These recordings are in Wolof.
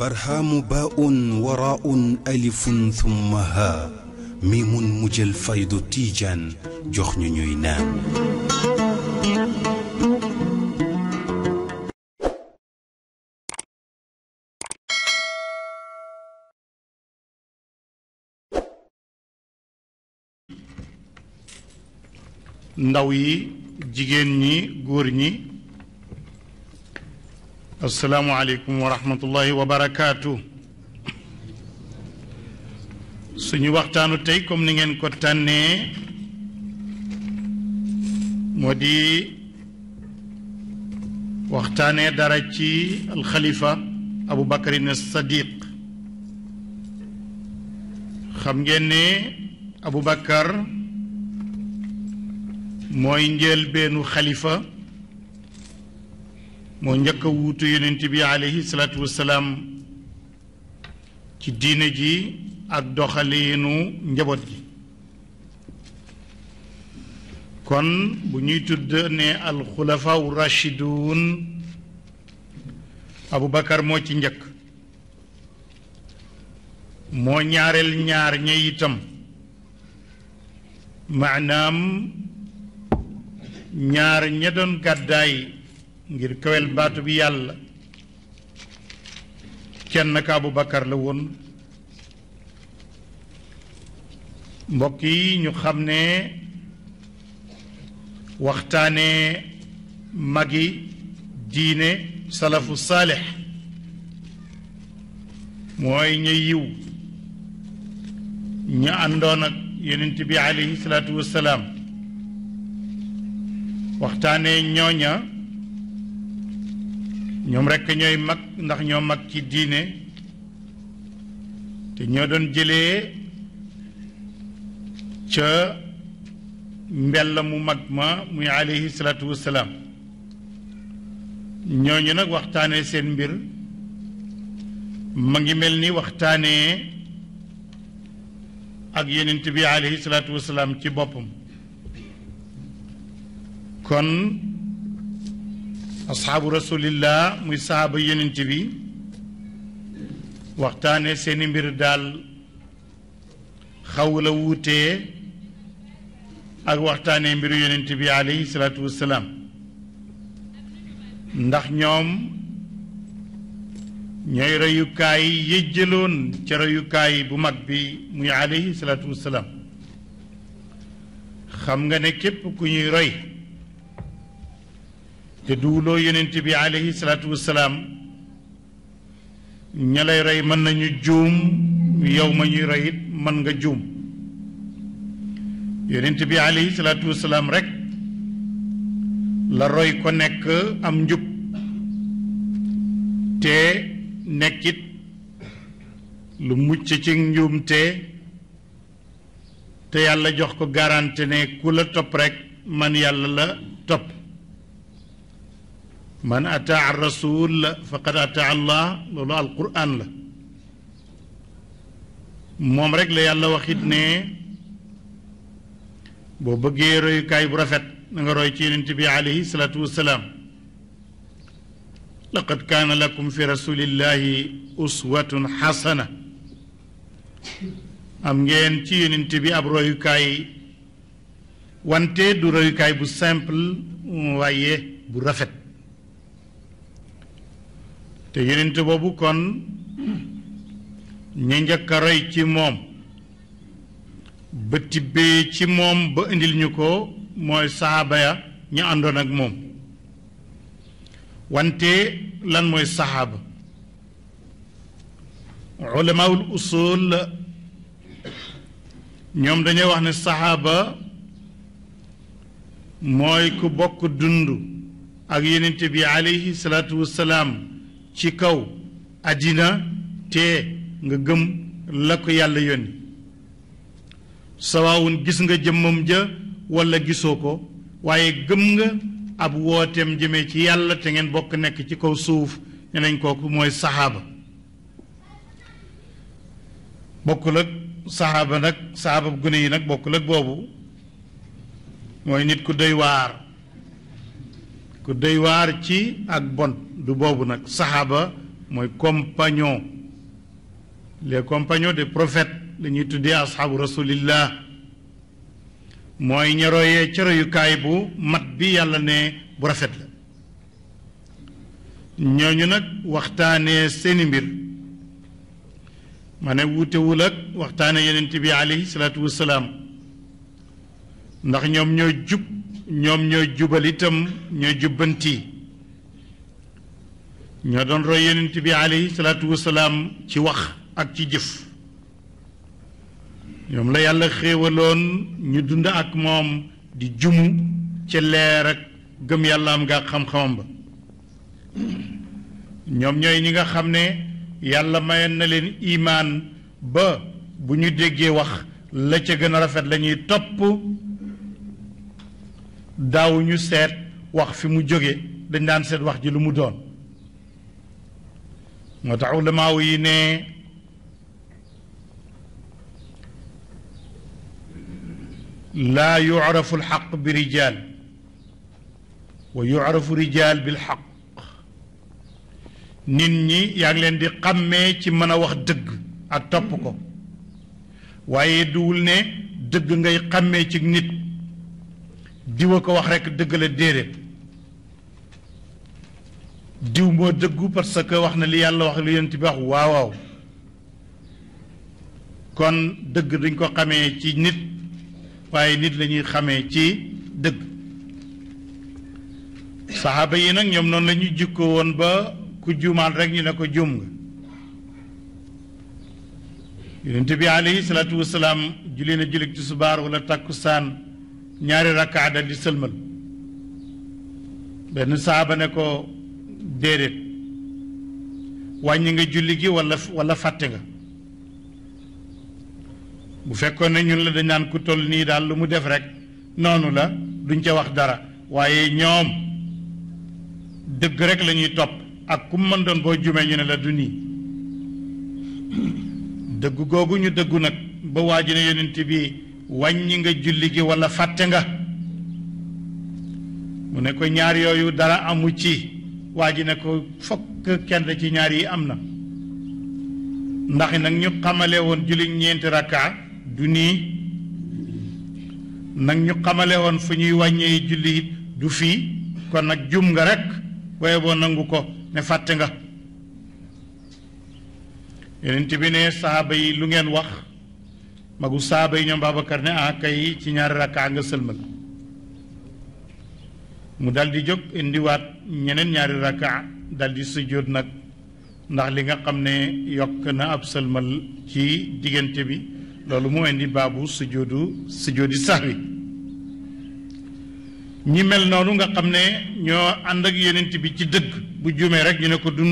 barhaamu baaun waraaun alifun thumma haa miimun mujjal faydu tiijaan jox ñu ñuy naan. ndaw yi jigéen ñi góor ñi. السلام عليكم ورحمة الله وبركاته سنو وقتانو تيكم نين كتاني مودي وقتاني درجي الخليفة أبو بكر الصديق خمجيني أبو بكر موينجيل بنو خليفة خليفة moo njëkk a wuutu yonent bi aleyhi salaatu ci diine ji ak doxaliinu njaboot gi kon bu ñuy tudd ne alxulafaaw rashidun abubakar moo ci njëkk moo ñaareel ñaar ña itam maanaam ñaar ña doon gàddaay ngir kawel baatu bi yàlla kenn ka Abu Bakar la woon mbokk yi ñu xam ne waxtaanee magi diine salafu saalix mooy ñu yiw ña àndoon ak yeneen bi aleyhi salaatu wassalaam waxtaanee ñooña ñoom rekk ñooy mag ndax ñoo mag ci diine te ñoo doon jëlee ca mbella mu mag ma muy alayhi salaatu wassalaam ñooñu nag waxtaanee seen mbir ma ngi mel ni waxtaanee ak yonent bi alayhi salaatu wassalaam ci boppam kon asxaabu rasulillah muy saxaaba yonent bi waxtaane seeni mbir daal xaw la wuutee ak waxtaane mbiru yonent bi alayhi salaatu wassalaam ndax ñoom ñooy reyukaay yëjjaloon ca reyukaay bu mag bi muy alayhi salaatu wassalaam xam nga ne képp ku ñuy rey te duwuloo yonent bi aleyhi salaatu salaam ña lay roy mën nañu juum yow ma ñuy roy it mën nga juum yonent bi aleyhi salaatu salaam rekk la roy ko nekk am njub te nekkit lu mucc ci njuumte te yàlla jox ko garanti ne ku la topp rekk man yàlla la topp من أتى الرسول فقد أتى الله لولا القرآن لا موم رك لا يالله وخيت كاي بو رافيت نغا روي عليه الصلاه والسلام لقد كان لكم في رسول الله اسوه حسنه ام نين تي نتبي اب كاي وانتي دو كاي بو سامبل وايي te yenent boobu kon ñu njëkk a ci moom ba tibbee ci moom ba indil ñu ko mooy saxaaba ya ñu àndoon ak moom wante lan mooy saxaaba ulamaawul usul ñoom dañuy wax ne saxaaba mooy ku bokk dund ak yenent bi aleyhi salaatu wassalaam ci kaw àddina te nga gëm la ko yàlla yónni sawaawun gis nga jëmmam ja walla gisoo ko waaye gëm nga ab wooteem jëmee ci yàlla te ngeen bokk nekk ci kaw suuf ne nañ kooku mooy saxaaba bokkul ak saxaaba nag saxaaba gune yi nag bokkul ak boobu mooy nit ku doy waar ku doy waar ci ak bon du boobu nag saxaaba mooy compagnon les compagnons des prophètes la ñuy tuddee asxaabu rasulillah mooy ñeroyee coroyukaay bu mat bi yàlla ne bu rafet la ñooñu nag waxtaanee seeni mbir ma ne wuutewul ak waxtaane yenent bi alayhi salaatu wassalaam ndax ñoom ñoo jub ñoom ñoo jubal itam ñoo jubbanti ñoo doon roy yonent bi alayhi salaatu wasalaam ci wax ak ci jëf ñoom la yàlla xéewaloon ñu dund ak moom di jumu ci leer ak gëm yàlla am nga xam-xamam ba ñoom ñooy ñi nga xam ne yàlla mayoon na leen imaan ba bu ñu déggee wax la ca gën a rafet lañuy ñuy topp daaw ñu seet wax fi mu jóge dañ daan seet wax ji lu mu doon moo tax ulamaaw yi ne laa yucrafu alxaq bi rijaal wa yucrafu rijaal bilxaq nit ñi yaa ngi leen di xàmmee ci mën a wax dëgg ak topp ko waaye duwul ne dëgg ngay xàmmee ci nit diw a ko wax rekk dëgg la déedéet diw moo dëggu parce que wax na li yàlla wax li yonent bi wax waaw waaw kon dëgg dañ ko xamee ci nit waaye nit lañuy xamee ci dëgg saxaaba yi nag ñoom noonu la ñu jikko woon ba ku juumaat rekk ñu ne ko juum nga yonent bi alayhi salaatu wasalaam julli na julli ci subaar wala tàkkusaan ñaari rakkaa dal di sëlmal benn saaba ne ko déedéet wàññi nga julli gi walla walla fàtte nga bu fekkoon ne ñun la dañ naan ku toll nii daal lu mu def rekk noonu la duñ ca wax dara waaye ñoom dëgg rekk lañuy topp ak kum mën doon boo jumee ñu ne la du nii dëgg googu ñu dëggu nag ba waa ji ne yonent bi wàññi nga julli gi walla fàtte nga mu ne ko ñaar yooyu dara amu ci waa ji ne ko fokk kenn ci ñaar yi am na ndax nag ñu xamale woon julli ñeenti rakka du nii nag ñu xamale woon fu ñuy wàññee julli du fii kon nag jum nga rekk waaye boo nangu ko ne fàtte nga yeneen bi ne saaba yi lu ngeen wax magu saaba yi ñoom Babacar ne ah kay ci ñaari rakkaa nga sëlmal mu dal di jóg indiwaat ñeneen ñaari rakkaa dal di sujjóot nag ndax li nga xam ne na ab sëlmal ci diggante bi loolu moo indi baabu sujjóotu sujjóoti sax wi ñi mel noonu nga xam ne ñoo ak yonent bi ci bu rek ñu ne ko du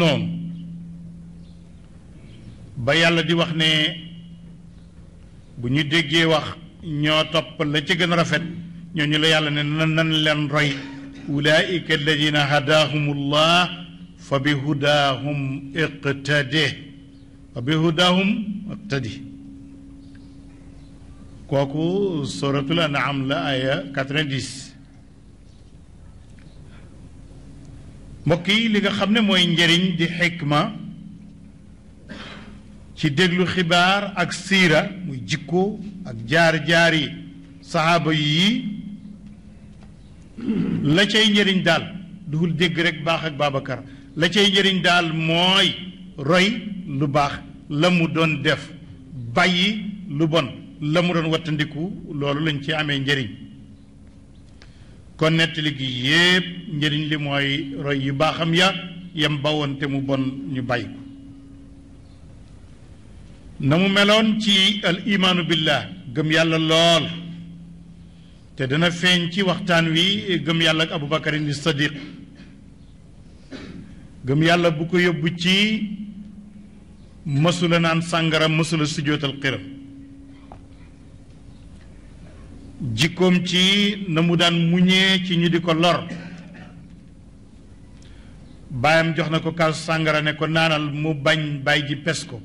ba di wax ne bu ñu déggee wax ñoo topp la ci gën a rafet ñooñu la yàlla ne nan nan leen roy ulaika alladina hadahumullah fa bihudahum hudahum iqtade fa bihudahum iqtadi kooku suratul anam la aya 90 mbokk yi li nga xam ne mooy njëriñ di xikma ci déglu xibaar ak siira muy jikko ak jaar-jaar yi saxaaba yi la cay njariñ daal duhul dégg rekk baax ak Babacar la cay njariñ daal mooy roy lu baax la mu doon def bàyyi lu bon la mu doon wattandiku loolu lañ ci amee njariñ kon nettali gi yépp njëriñ li mooy roy yu baaxam ya yam bawoon te mu bon ñu bàyyi na mu meloon ci al imaanu billah gëm yàlla lool te dana feeñ ci waxtaan wi gëm yàlla ak abubakarin li sadiq gëm yàlla bu ko yóbbu ci mësula naan sàngara mësula sujjóotal xiram jikkoom ci na mu daan muñee ci ñu di ko lor baayam jox na ko kaas sàngara ne ko naanal mu bañ baay ji pes ko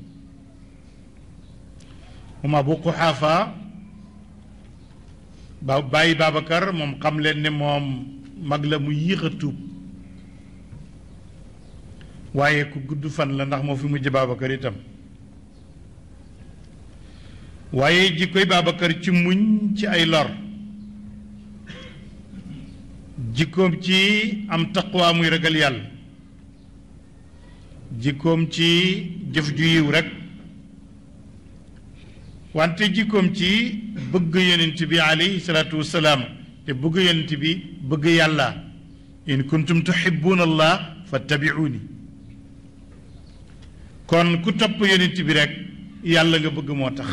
هما بوكو حافا باي بابكر موم قام لين ني موم ماغلا مو كو غود فان لا نخ في مجي بابكر يتام وايي جي كوي بابكر تي مون تي اي لور جيكوم تي ام تقوى موي رغال يال جيكوم تي جيف جو يو wante jikom ci bëgg yonent bi alayhi salatu wassalam te bëgg yonent bi bëgg yàlla in kuntum tuhibbuna allah fattabi'uni kon ku topp yonent bi rek yàlla nga bëgg moo tax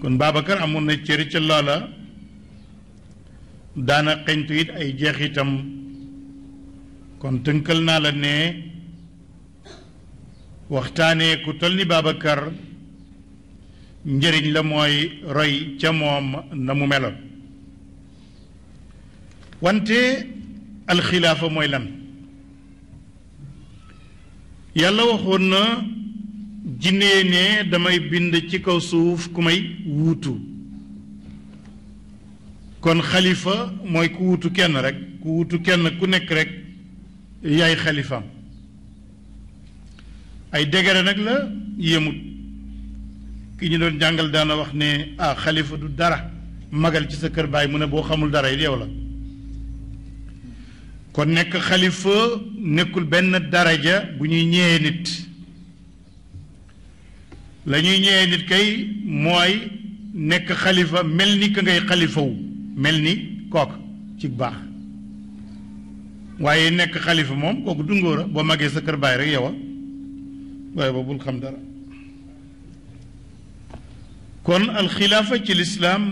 kon babakar amoon na cër ca loola daana xeñtu it ay jeexitam kon tënkal naa la ne waxtaanee ku tol ni Babacar njëriñ la mooy roy ca moom na mu meloon wante alxilaafa mooy lan yàlla waxoon na jinnee ne damay bind ci kaw suuf ku may wuutu kon xalifa mooy ku wuutu kenn rek ku wuutu kenn ku nekk rekk yaay xalifaam ay dégare nag la yemut ki ñu doon jàngal daana wax ne ah xalifa du dara magal ci sa kër baay mu ne boo xamul dara yow la kon nekk xalifa nekkul benn daraja bu ñuy ñëwee nit lañuy ñuy ñëwee nit kay mooy nekk xalifa mel ni ka xalifawu mel ni kook ci baax waaye nekk xalifa moom kooku dungóor boo magee sa kër baay rek yow waaye ba bul xam dara كون الخلافة في الإسلام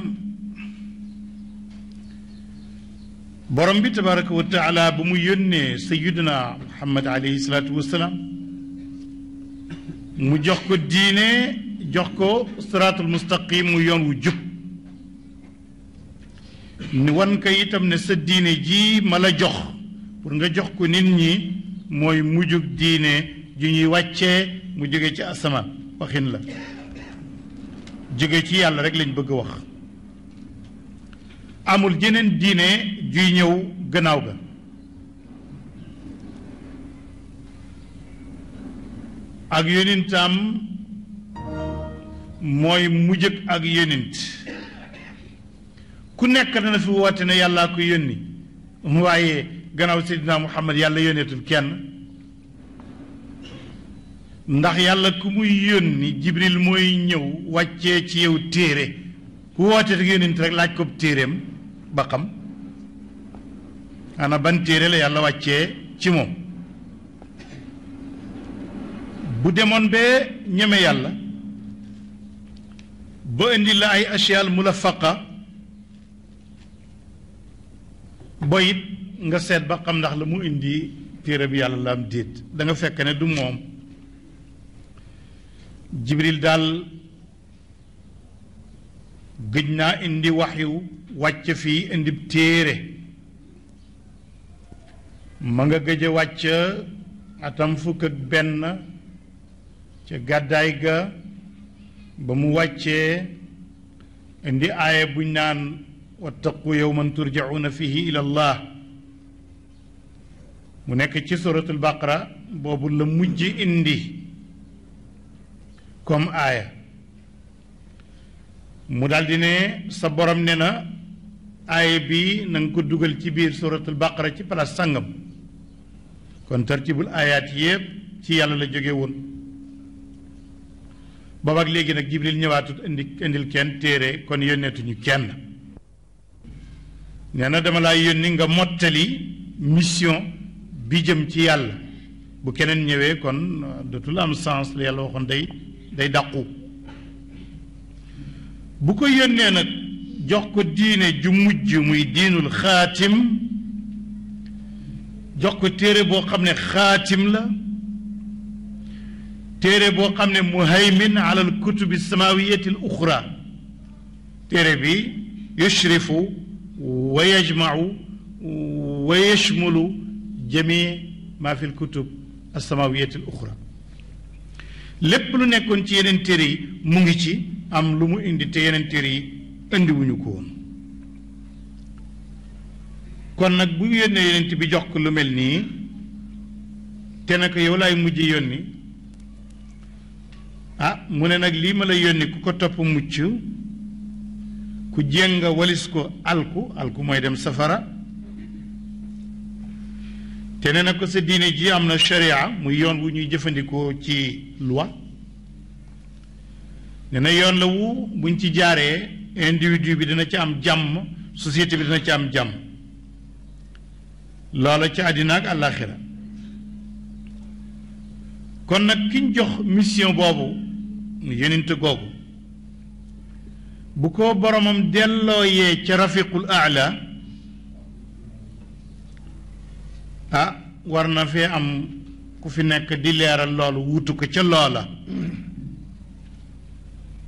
برم تبارك وتعالى بميون سيدنا محمد عليه الصلاة والسلام مجحك الدين جحك صراط المستقيم ويون وجب نوان كيتا من الدين جي ملا جخ ونغا جخك نيني موي مجوك دين جيني واتشي مجوكي أسما وخين الله jóge ci yàlla rek lañu bëgg wax amul jeneen diine juy ñëw gannaaw ga ak yonentam mooy mujjëg ak yonent ku nekk dana fi woote ne yàllaa ko yónni waaye gannaaw seydina muhammad yàlla yónneetul kenn ndax yàlla ku muy yónni jibril mooy ñëw wàccee ci yow téere ku woote te yónnent rek laaj ko téereem ba xam ana ban téere la yàlla wàccee ci moom bu demoon bee ñeme yàlla ba indi la ay asiyaal mulafaqa boyit nga seet ba xam ndax la mu indi téere bi yàlla la am déet da fekk ne du moom jibril daal gëj naa indi waxyu wàcc fii indi téere ma nga gëj wàcc atam fukk ak benn ca gàddaay ga ba mu wàccee indi aaya buñ naan wattaqu yawman turjacuuna fihi ila allah mu nekk ci suratul baqara boobu la mujj indi comme aaya mu daldi ne sa borom ne na aaya bi na ko dugal ci biir suratul baqara ci place sàngam kon tartibul aayaat yépp ci yàlla la jóge woon boobaak léegi nag jibril ñëwaatut indi indil kenn téere kon yónneetuñu kenn nee na dama laa yónni nga mottali mission bi jëm ci yàlla bu keneen ñëwee kon dootul am sens la yàlla waxoon day day dàqu bu ko yónnee nag jox ko diine ju mujj muy diinul xaatim jox ko téere boo xam ne xaatim la téere boo xam ne muhaymin ala al kutubi samawiyati al uxra téere bi yushrifu wa yajmau wa yashmulu jami ma fi al kutub al al الأخرى lépp lu nekkoon ci yeneen téere yi mu ngi ci am lu mu indi te yeneen téere yi indiwuñu koon kon nag bu yónnee yonent bi jox ko lu mel nii te nag yow lay mujj yónni ah mu ne nag lii ma la yónni ku ko topp mucc ku jéng nga walis ko alku alku mooy dem safara te ne na ko sa diine ji am na sharia muy yoon wu ñuy jëfandikoo ci loi ne na yoon la wu buñ ci jaaree individu bi dina ci am jàmm société bi dina ci am jàmm loola ci àddina ak àllaaxira kon nag kiñ jox mission boobu nu yenente googu bu ko boromam dellooyee ca rafiqul aala ah war na fi am ku fi nekk di leeral loolu wuutu ko ca loola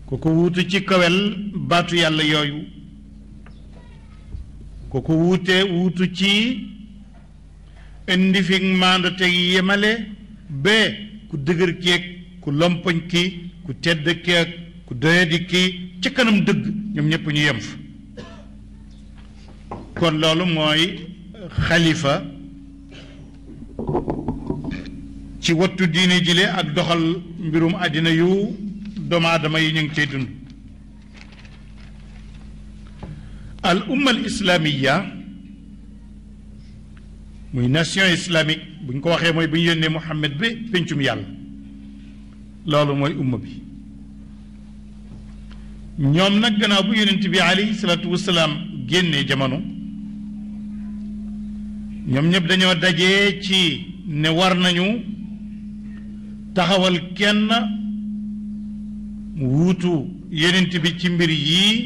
ku ko wuutu ci kawel baatu yàlla yooyu ku ko wuutee wuutu ci indi fi maando teg yemale ba ku dëgër keeg ku lompoñ ki ku tedd keeg ku doyadi ki ci kanam dëgg ñoom ñépp ñu yem fa kon loolu mooy xalifa ci wattu diine jile ak doxal mbirum àddina yu doomaadama yi ñu ngi cay dund al umma al islaamiya muy nation islamique bu ñu ko waxee mooy bu ñu yónnee Muhammad bi pencum yàlla loolu mooy umma bi ñoom nag gannaaw bu yonent bi alayhi salaatu wasalaam génnee jamono ñoom ñëpp dañoo dajee ci ne war nañu taxawal kenn wuutu yenent bi ci mbir yii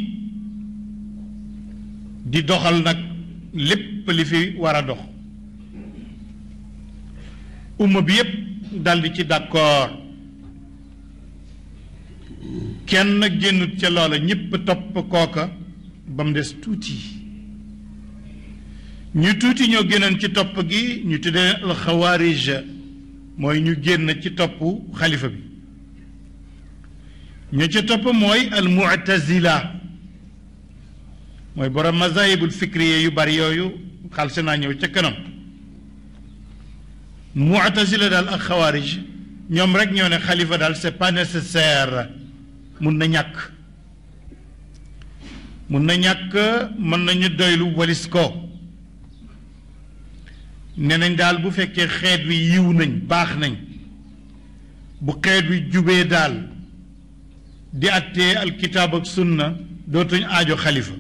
di doxal nag lépp li fi war a dox umma bi yépp daldi ci d'accord kenn génnut ca loola ñëpp topp kooka ba mu des tuuti ñu tuuti ñoo génnoon ci topp gi ñu tuddee al xawaarij mooy ñu génn ci topp xalifa bi ñu ci topp mooy al mu'tazila mooy borom mazahibul fikriye yu bari yooyu xalsi naa ñëw ca kanam mu'tazila daal ak xawaarij ñoom rek ñoo ne xalifa daal c'est pas nécessaire mun na ñàkk mun na ñàkk mën nañu doylu walis ko ne nañ daal bu fekkee xeet wi yiw nañ baax nañ bu xeet wi jubee daal di attee alkitaab ak sunna dootuñ aajo xalifa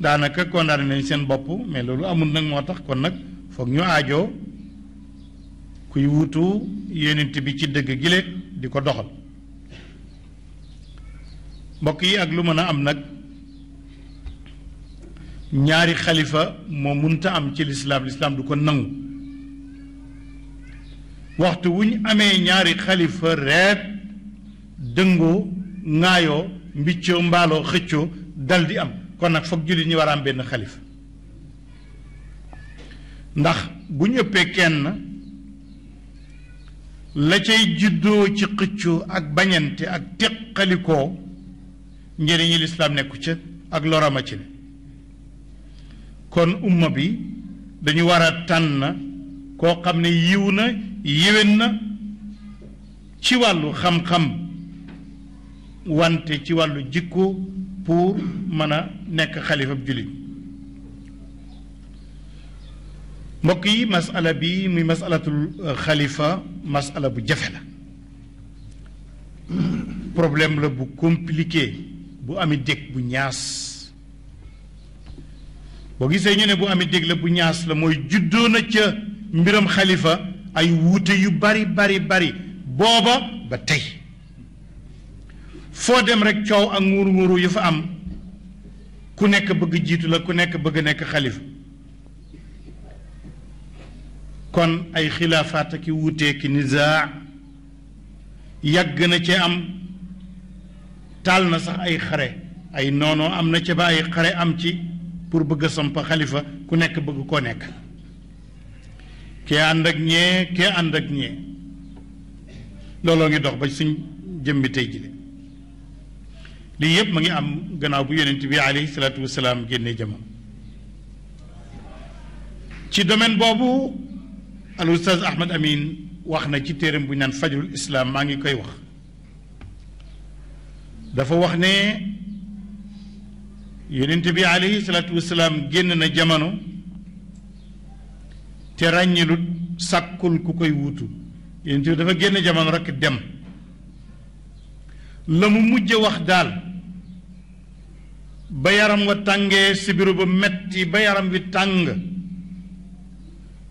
daanaka condamné nañ seen bopp mais loolu amul nag moo tax kon nag foog ñu ajoo kuy wutu yenent bi ci dëgg gile di ko doxal mbokk yi ak lu mën a am nag ñaari xalifa moo munta am ci lislaam lislaam du ko nangu waxtu wu ñu amee ñaari xalifa reet dëngoo ŋaayoo mbiccoo mbaaloo xëccoo daldi am kon nag foog jullit ñi war benn xalifa ndax bu ñu ëppee kenn la cay juddoo ci xëccoo ak bañante ak teqalikoo njëriñi lislaam nekku ca ak lorama ci ne kon umma bi dañu war a tànn koo xam ne yiw na yéwén na ci wàllu xam-xam wante ci wàllu jikko pour mën a nekk xalifab jullit mbokk yi masala bi muy masalatul euh, xalifa masala bu jafe la problème la bu compliqué bu ami dëkk bu ñaas boo gisee ñu ne bu amit dég bu ñaas la mooy juddoo na ca mbiram xalifa ay wuute yu bari bari bari booba ba tey foo dem rekk coow ak nguur nguuru yu fa am ku nekk bëgg jiitu la ku nekk bëgg nekk xalifa kon ay xilaafaat ak i wuutee ki nizaa yàgg na ci am taal na sax ay xare ay noonoo am na ci ba ay xare am ci pour bëgg samp xalifa ku nekk bëgg koo nekk kee ànd ak ñee kee ànd ak ñee looloo ngi dox ba suñ bi tey ji de lii yëpp ma ngi am gannaaw bu yonent bi alayhi salaatu wasalaam génne jamono ci domaine boobu al oustaz Ahmad Amin wax na ci téeram bu naan fajrul islam maa ngi koy wax dafa wax ne yonent bi aleyhi salaatu génn na jamono te ràññilut sàkkul ku koy wuutu yonent bi dafa génn jamono rekk dem la mu mujj wax daal ba yaram wa tàngee sibiru ba metti ba yaram wi tàng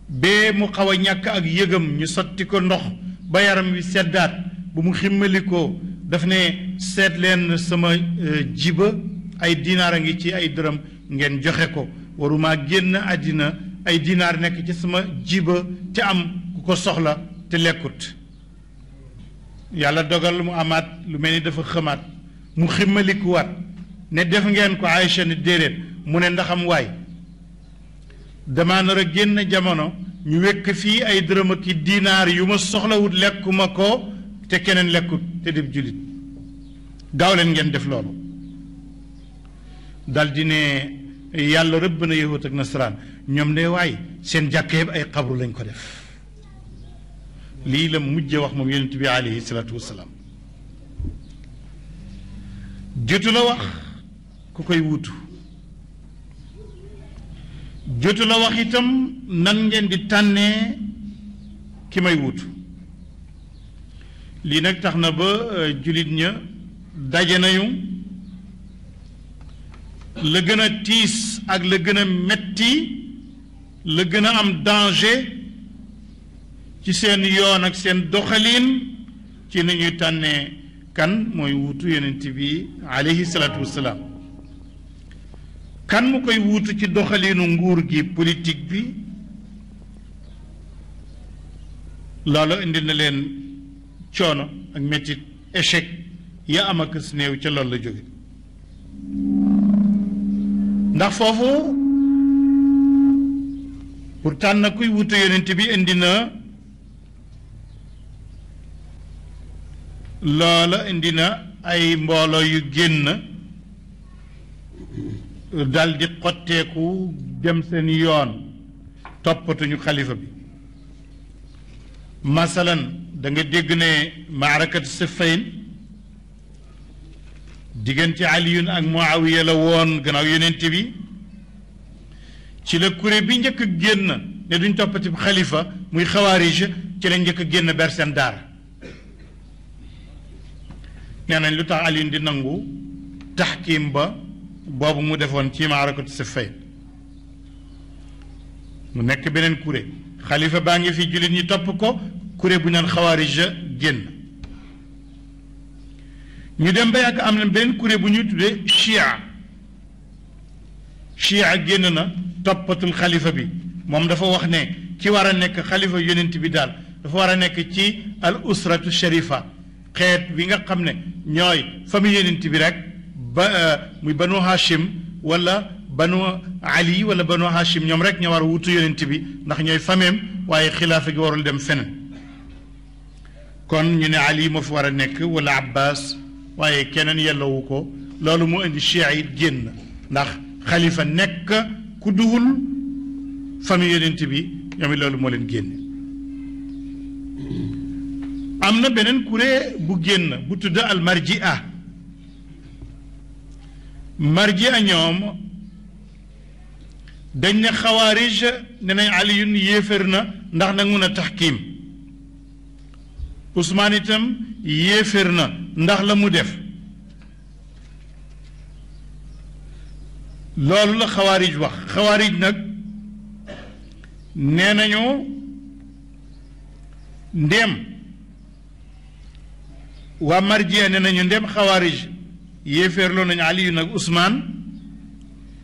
bee mu xaw a ñàkk ak yëgam ñu sotti ko ndox ba yaram wi seddaat bu mu ximmalikoo daf ne seet leen sama eh, jiba ay dinaar a ngi ci ay dërëm ngeen joxe ko waruma génn àddina ay dinaar nekk ci sama jiba te am ku ko soxla te lekkut yàlla dogal lu mu amaat lu mel ni dafa xamaat mu ximmalikuwaat ne def ngeen ko Aïcha ne déedéet mu ne ndaxam waay damaa nar a génn jamono ñu wekk fii ay dërëm ak i dinaar yu ma soxlawut lekkuma ko te keneen lekkut te dib jullit gaaw leen ngeen def loolu dal di ne yàlla rëbb na yahut ak nasaraan ñoom ne waay seen jàkkee ay qabru lañ ko def lii la mujj wax moom yonent bi alayhi salatu wasalaam jotu la wax ku koy wutu jotu la wax itam nan ngeen di tànnee ki may wutu lii nag tax na ba julit ña daje nañu la gën a tiis ak la gën a metti la gën a am danger ci seen yoon ak seen doxaliin ci ni ñuy tànnee kan mooy wuutu yonent bi aleyhi salaatu wassalaam kan mu koy wuutu ci doxaliinu nguur gi politique bi loolu indi na leen coono ak mettit échec ya am ak néew ca loolu la jóge ndax foofu pour tànn kuy wutu yonent bi indi na loola indi na ay mbooloo yu génn dal di xotteeku dem seen yoon toppatuñu xalifa bi masalan da nga dégg ne maarakatu Siffin diggante aliyun ak muawiya la woon gannaaw yonent bi ci le kuré bi ñëk génn ne duñ toppati khalifa muy khawarij ci la ñëk génn ber sen dar nee nañ lu tax aliyun di nangu tahkim ba bobu mu defon ci maarakatu sifay mu nekk benen kuré khalifa baangi fi julit ñi top ko kuré bu ñan khawarij génn ñu dem ba yàgg am na benn kuréel bu ñuy tuddee chia chia génn na toppatul xalifa bi moom dafa wax ne ki war a nekk xalifa yonent bi daal dafa war a nekk ci al usratu sharifa xeet bi nga xam ne ñooy famille yonent bi rek ba muy banu hashim wala banu ali wala banu hashim ñoom rek ñoo war a wutu yonent bi ndax ñooy fameem waaye xilaafa gi warul dem feneen kon ñu ne ali moo fi war a nekk wala abbas waaye keneen yellawu ko loolu mu indi chia it génn ndax xalifa nekk ku duhul famille yonent bi ñoom it loolu moo leen génne am na beneen kuré bu génn bu tudd al marjia marjia ñoom dañ ne xawaarij ne nañ aliyun yéefér na ndax nangu na taxkiim Ousmane itam yéeféer na ndax la mu def loolu la xawaarij wax xawaarij nag nee nañu ndéem waa marjee nee nañu ndéem xawaarij yéeféerloo nañu Aliyu nag usmaan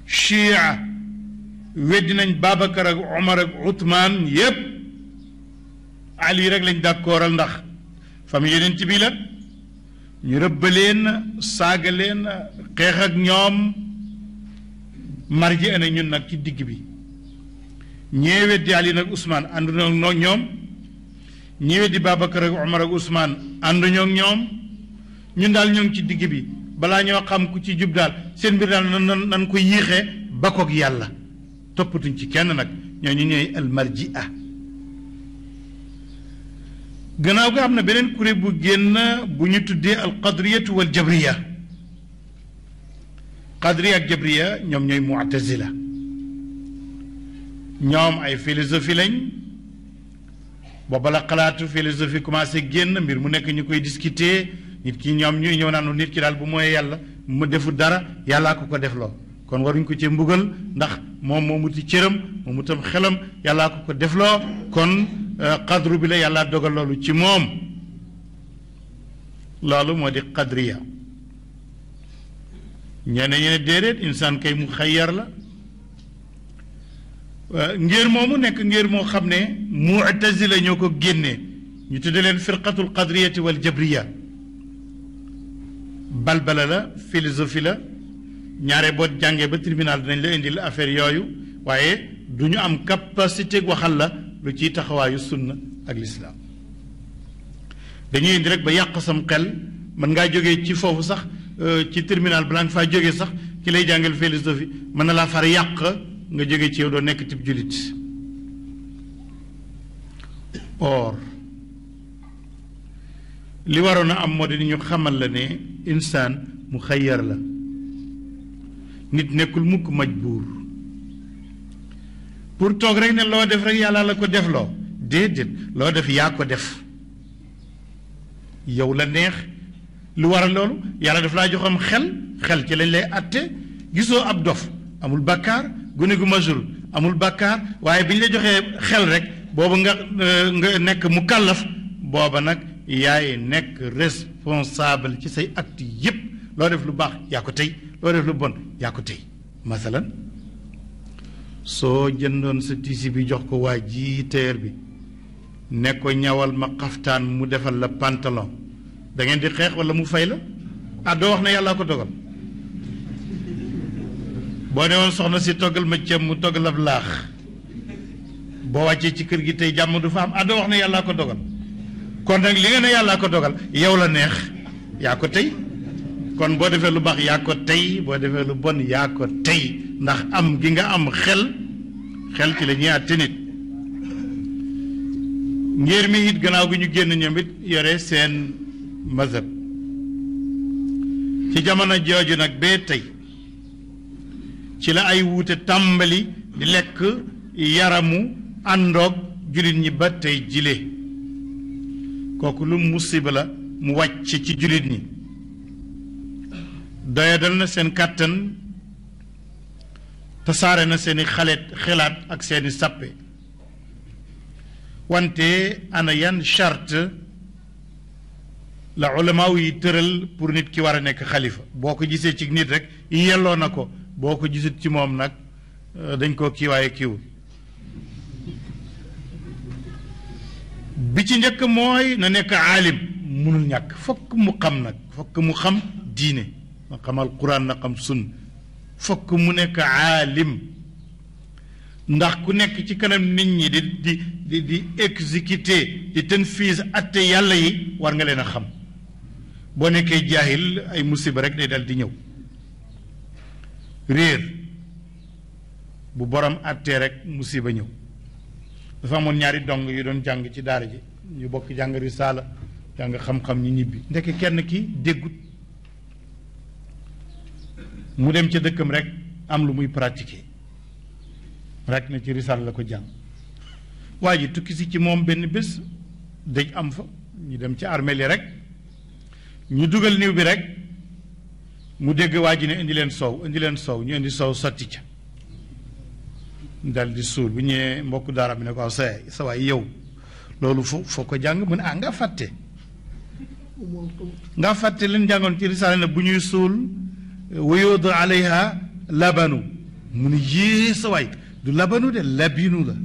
chia weddi nañ Babacar ak Omar ak Ousmane yépp Ali rek lañ d'accordal ndax famille yonent bi la ñu rëbb leen saaga leen xeex ak ñoom marji ana ñun nag ci digg bi ñee weddi Ali nag Ousmane ànduñoo ak ñoom ñee weddi Babacar ak Omar ak Ousmane ànduñoo ak ñoom ñun daal ñoo ngi ci digg bi balaa ñoo xam ku ci jub daal seen mbir daal nan nan ko yiixee ba koog yàlla toppatuñ ci kenn nag ñooñu ñooy almarji a gannaaw ga am na beneen kuréel bu génn bu ñu tuddee al qadriyatu wal jabriya qadriya ak jabriya ñoom ñooy mu'tazila ñoom ay philosophie lañ booba la xalaatu philosophie commencé génn mbir mu nekk ñu koy discuter nit ki ñoom ñuy ñëw naanu nit ki daal bu mooy yàlla mu defu dara yàllaa ko ko def loo kon waruñ ko ci mbugal ndax moom moo muti cëram xelam yàllaa ko ko defloo kon qadru بلا la yàlla dogal loolu ci moom loolu moo di qadriya ñene ñene déedéet insaan kay mu xayyar la ngir moomu nekk ngir moo xam mu'tazila ñoo ko ñu tudde firqatul qadriyati wal jabriya balbala la philosophie la ñaare boo jàngee ba tribunal dinañ la indil affaire yooyu waaye du ñu am capacité waxal la lu ciy taxawaayu sunna ak lislaam dañuy indi rek ba yàq sam xel mën ngaa jóge ci foofu sax euh, ci terminal balaa nga faa jóge sax ci lay jàngal philosophie mën na laa far yàq nga jógee ci yow doo nekk tib jullit or li waroon a am moo di ñu xamal la ne insaan mu xayyar la nit nekkul mukk buur pour tok rek ne lo def rek yàlla la ko def lo déedéet lo def ya ko def yow la neex lu waral loolu yàlla def la joxam xel xel ci lañ lay atte gisoo ab dof amul bàkkaar gune gu majur amul bàkkaar waye biñ la joxé xel rek bobu nga nga nek mukallaf bobu nak yaay nek responsable ci say acte yépp lo def lu bax ya ko tey lo def lu bon ya ko tey masalan so jëndoon sa tiisi bi jox ko waa ji teer bi ne ko ñawal ma xaftaan mu defal la pantalon da ngeen di xeex wala mu fay la ah doo wax ne yàllaa ko dogal boo ne woon soxna si toggal ma ceeb mu toggal ab laax boo wàccee ci kër gi tey jàmm du fa am ah wax ne yàllaa ko dogal kon nag li nga ne yàllaa ko dogal yow la neex yaa ko tey kon boo defee lu baax yaa ko tey boo defee lu bon yaa ko tey ndax am gi nga am xel xel ci la àtte nit ngir mi it gannaaw gi ñu génn ñoom it yore seen mazhab ci jamono jooju nag bee tey ci la ay wuute tàmbali di lekk yaramu àndoog jullit ñi ba tey jile kooku lu musiba la mu wàcc ci jullit ñi doyadal na seen kàttan tasaare na seeni xaleet xelaat ak seeni sàppe wante ana yan charte la ulamaaw yi tëral pour nit ki war a nekk xalifa boo ko gisee ci nit rek yelloo na ko boo ko gisut ci moom nag euh, dañ koo kiiwaaye kiiwul bi ci njëkk mooy na nekk aalim munul ñàkk fokk mu xam nag fokk mu xam diine na xam alquran na xam sunna fokk mu nekk aalim ndax ku nekk ci kanam nit ñi di di di di exécuter di tanfiis yàlla yi war nga leen a xam boo nekkee jaahil ay musiba rek day dal di ñëw réer bu boroom attee rek musiba ñëw dafa amoon ñaari dong yi doon jàng ci daara ji ñu bokk jàng risaala jàng xam-xam ñu ñibbi ndekk kenn ki déggut mu dem ca dëkkam rek am lu muy pratiquer rek na ci risaal la ko jàng waa ji tukki si ci moom benn bés dëj am fa ñu dem ci armeel yi rek ñu dugal niw bi rek mu dégg waa ji ne indi leen soow indi leen soow ñu indi soow sotti ca daldi di suul bu ñëwee mbokku daara bi ne ko aw sa sa waay yow loolu foo foo ko jàng mu ne ah, nga fàtte nga fàtte leen jàngoon ci risaale na bu ñuy suul ويوضع عليها لبن من يجي سواي دو لبنو ده لبينو ده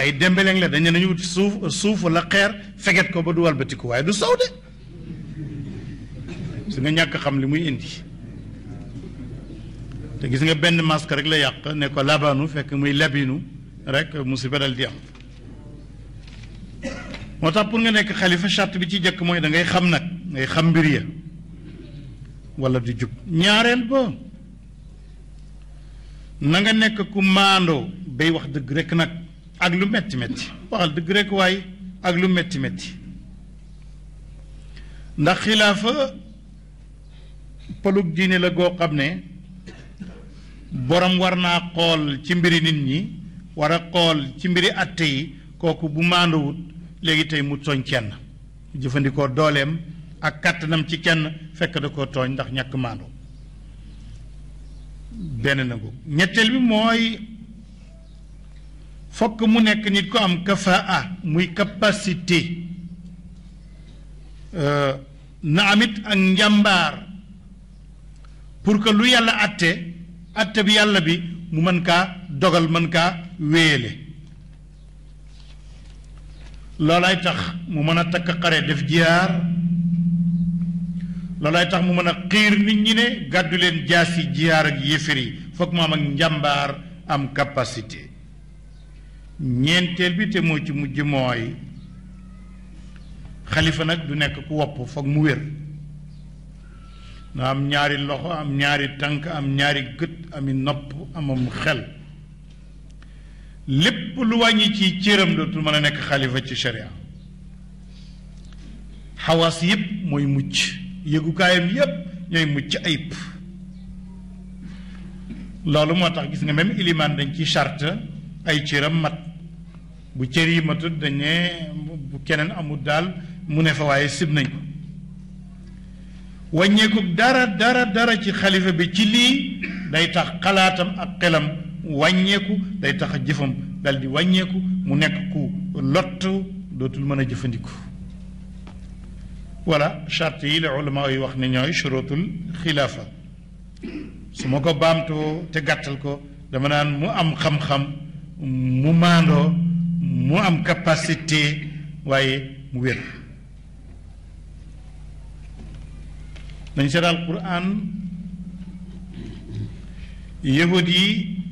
اي ديمبلين لا داني نيو سوف سوف ولا خير فغت كو بدوال بتيكو واي دو سودي سي نيا كا خام لي موي اندي تا غيس nga بن ماسك رك لا ياق نيكو لبنو فك موي لبينو رك مصيبه دال دي موتا بور nga nek khalifa شرط بي تي جيك موي دا ngay xam nak ngay xam mbir ya wala di jub ñaareel ba na nga nekk ku maandoo bay wax dëgg rek nag ak lu metti metti waxal dëgg rek waaye ak lu metti metti ndax xilaafa palug diine la goo xam ne boroom war naa xool ci mbiri nit ñi war a xool ci mbiri atte yi kooku bu maandowut léegi tey mu soñ kenn jëfandikoo dooleem ak kàttanam ci kenn fekk da koo tooñ ndax ñàkk maandu benn nangu ñetteel bi mooy fokk mu nekk nit ko am kafaa muy capacité euh, na amit ak njàmbaar pour que lu yàlla atte atte bi yàlla bi mu mën kaa dogal mën kaa wéele loolay tax mu mën a takk xare def jiyaar la lay tax mu mën a xiir nit ñi ne gàddu leen jaasi jiyaar ak yéefar yi foog mu am ak njàmbaar am capacité ñeenteel bi te moo ci mujj mooy xalifa nag du nekk ku wopp foog mu wér na am ñaari loxo am ñaari tànk am ñaari gët ami nopp amam xel lépp lu wàññi ci cëram dootul mën a nekk xalifa ci sharia xawaas yépp mooy mucc yëgukaayam yépp ñooy mucc ayib loolu moo tax gis nga même ilimaan dañ ci charte ay cëram mat bu cër yi matut dañee bu keneen amul daal mu ne fa waaye sib nañ ko wàññeeku dara dara dara ci xalifa bi ci lii day tax xalaatam ak xelam wàññeeku day tax jëfam dal di wàññeeku mu nekk ku lott dootul mën a jëfandiku voilà charte yi la ulama yi wax ne ñooy shurutul xilaafa su ma ko baamtoo te gàttal ko dama naan mu am xam-xam mu maandoo mu am capacité waaye mu wér dañ seet alquran yahud yi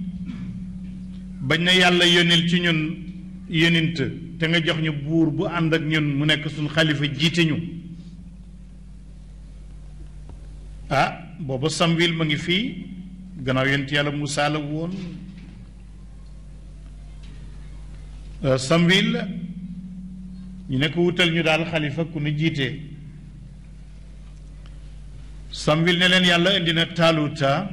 bañ na yàlla yónnil ci ñun yónnint te nga jox ñu buur bu ànd ak ñun mu nekk suñ xalifa jiite ñu ah booba Samwil ma ngi fii gannaaw yonent yàlla Muusaa la woon ah, Samwil ñu ne ko wutal ñu daal xalifa ku nu jiite Samwil ne leen yàlla indi na taaluta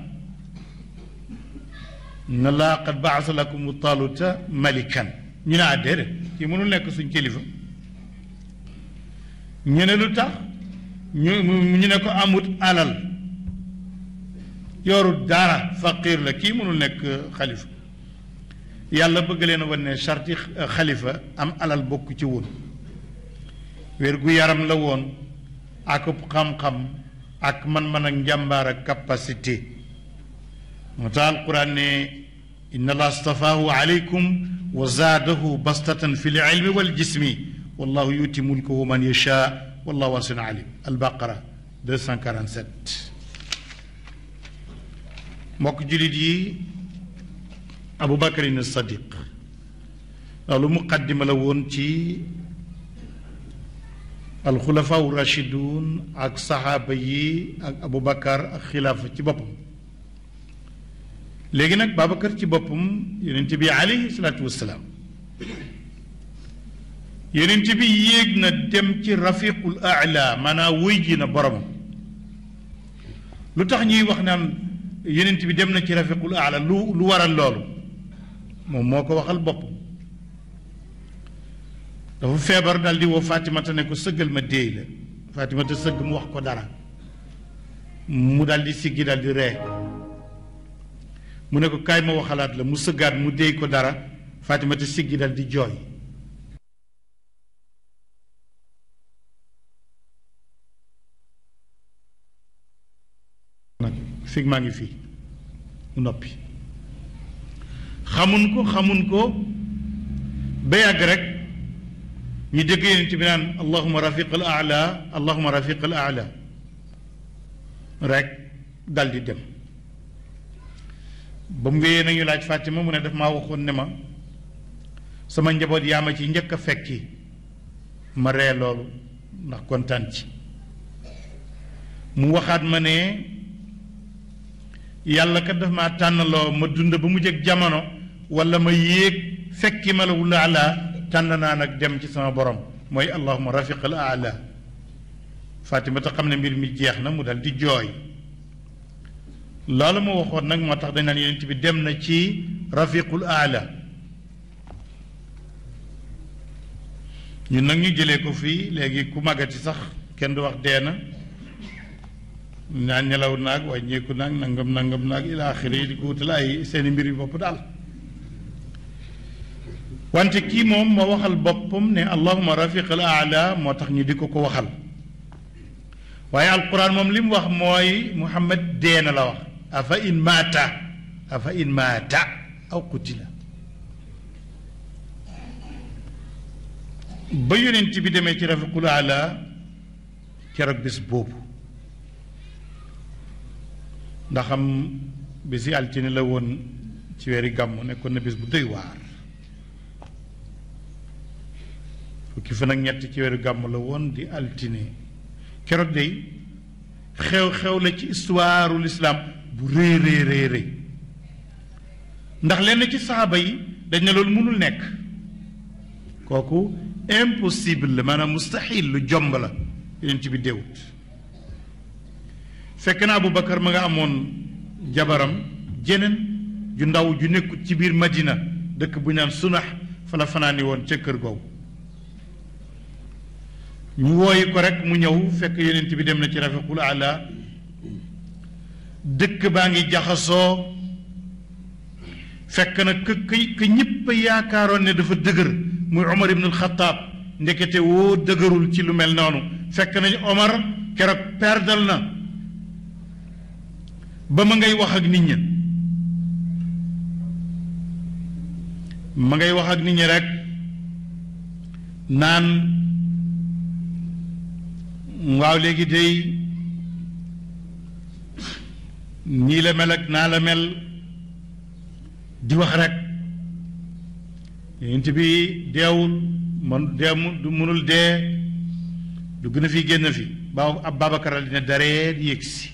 na laa qad baasa lakum taaluta malikan ñu ne ah déedéet kii nekk suñ kilifa ñu ne lu tax ñu ne ko amut alal yorut dara faqir la kii mënul nekk xalifa yàlla bëgg leen wan ne sarti xalifa am alal bokk ci woon wér gu yaram la woon ak xam-xam ak man-man ak njàmbaar ak capacité moo tax alquran ne inna allah astafahu alaykum wa zaadahu bastatan fi l ilmi wal jismi wallahu yuti mulkahu man yashaa والله واسع عليم البقرة 247 موك جلدي أبو بكر الصديق لو مقدم لون تي الخلفاء الراشدون اك صحابي ابو بكر الخلافة تي بابم لكن ابو بكر تي بابم ينتبه عليه الصلاه والسلام yenent bi yéeg na dem ci rafiqul aala maanaam wuy ji na boromam lu tax ñuy wax naan yenent bi dem na ci rafiqul aala lu lu waral loolu moom moo ko waxal bopp dafa feebar dal di woo Fatimata ne ko sëggal ma déey la Fatimata sëgg mu wax ko dara mu dal di siggi dal di ree mu ne ko kaay ma waxalaat la mu sëggaat mu déey ko dara Fatimata siggi dal di jooy fig maa ngi fii mu noppi xamun ko xamun ko ba yàgg rek ñu dégg yonent bi naan allahuma rafiq al aala allahuma rafiq al aala rek dal di dem ba mu wéyee nañu laaj Fatima mu ne daf maa waxoon ne ma sama njaboot yaa ma ci njëkk a fekki ma ree loolu ndax kontaan ci mu waxaat ma ne yàlla kat daf maa tànnaloo ma dund ba mu jëg jamono wala ma yéeg fekki ma lawu laala tànn naa nag dem ci sama borom mooy allahuma rafiqal ala fatimata xam ne mbir mi jeex na mu dal di jooy loolu ma waxoon nag moo tax dañ naan yonent bi dem na ci rafiqul ala ñun nag ñu jëlee ko fii léegi ku màggati sax kenn du wax dee na naa nelaw naag wàññeeku nag nangam nangam nag ila di ko wutale ay seeni mbir yu bopp daal wante kii moom ma waxal boppam ne allahuma rafiqal ala moo tax ñu di ko ko waxal waaye alquran moom li mu wax mooy muhammad deena la wax afa in maata afa in maata aw qutila ba yonent bi demee ci rafiqul ala keroog bés boobu ndaxam bisi altine la woon ci weeri gàmmu nekkoon na bis bu doy waar fukki fan ak ñett ci weeru gàmmu la woon di altine keroog day xew-xew la ci histoire lislaam bu rëy rëy rëy ndax lenn ci saaba yi dañ ne loolu mënul nekk kooku impossible la maanaam mustahil lu jomb la yeneen ci bi déwut fekk na Aboubacar ma nga amoon jabaram jeneen ju ndaw ju nekkut ci biir Madina dëkk bu ñaan sunax fa la fanaani woon ca kër googu ñu wooyi ko rek mu ñëw fekk yonent bi dem na ci rafiqul ala dëkk baa ngi jaxasoo fekk na ka ka ñëpp yaakaaroon ne dafa dëgër muy Omar ibn al ndekete woo dëgërul ci lu mel noonu fekk nañ Omar keroog perdal na ba ma ngay wax ak nit ñi ma ngay wax ak nit ñi rek naan waaw léegi tey nii la mel ak naa la mel di wax rek yonent bi deewul man deemu du mënul dee du gën a fi génn fi ba ab Babacar al dina daree yéeg si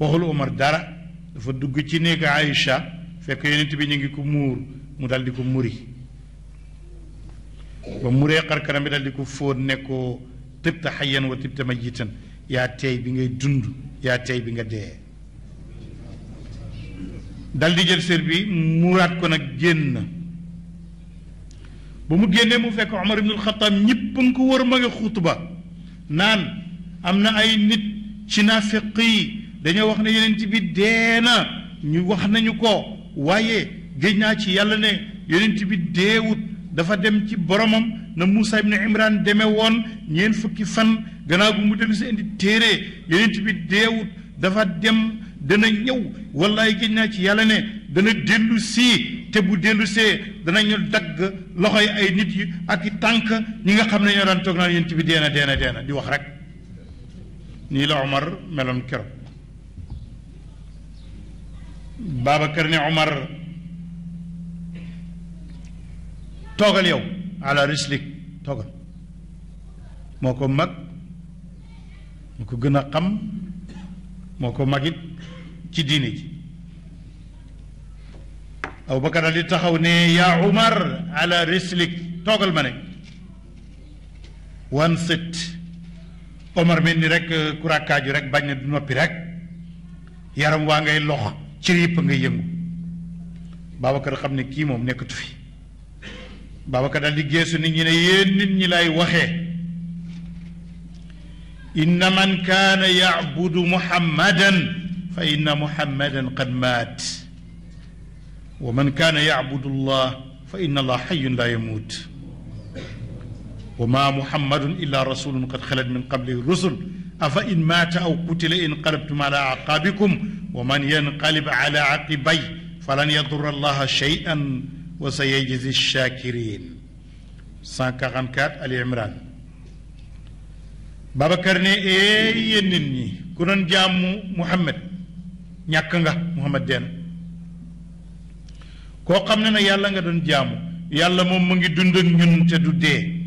waxul Omar dara dafa dugg ci néeg Aïcha fekk yonent bi ñu ngi ko muur mu dal di ko muri ba muree xarkanam bi dal di ko fóot ne ko tibta xayyan wa tibta mayitan yaa tey bi ngay dund yaa tey bi nga dee dal di jël sër bi muuraat ko nag génn ba mu génnee mu fekk Omar ibnul Xataab ñëpp a nga ko wër ma nga xuutu ba naan am na ay nit ci naafeq yi dañoo wax ne yonent bi dee na ñu wax nañu ko waaye géej naa ci yàlla ne yonent bi deewut dafa dem ci boromam na Moussa ibn Imran demee woon ñeent fukki fan gannaaw bu mu dellu si indi téere yonent bi deewut dafa dem dana ñëw wallaay géej naa ci yàlla ne dana dellu si te bu dellu see danañu dagg yi ay nit yi ak i tànk ñi nga xam ne ñoo daan toog naan yonent bi dee na dee na dee di wax rek nii la Omar meloon keroog Babacar ne Omar toogal yow ala rislik toogal moo ko mag moo ko gën a xam moo ko magit ci diini ji Aboubacar Ali taxaw ne yaa Omar ala rislik toogal ma ne wan sët Omar mel ni rek ku rakkaaju rek bañ na du noppi rek yaram waa ngay lox cër yëpp nga yëngu Babacar xam ne kii moom nekkatu fi Babacar daal di geesu nit ñi ne yéen nit ñi lay waxee inna man kaana yacbudu muhammadan fa inna muhammadan qad maat wa man kaana yacbudu allah fa inna allah xayun laa yamuut wa ma muhammadun illa rasulun qad xalat min qablihi rusul أفإن مات أو قتل انقلبتم على أعقابكم ومن ينقلب على عقبي فلن يضر الله شيئا وسيجزي الشاكرين 144 العمران بابا كرني إيه ينني كنن جامو محمد نياكنغا محمد دين كو خامنا يالا نغا دون جامو يالا موم مغي دوندك نيون تدو دي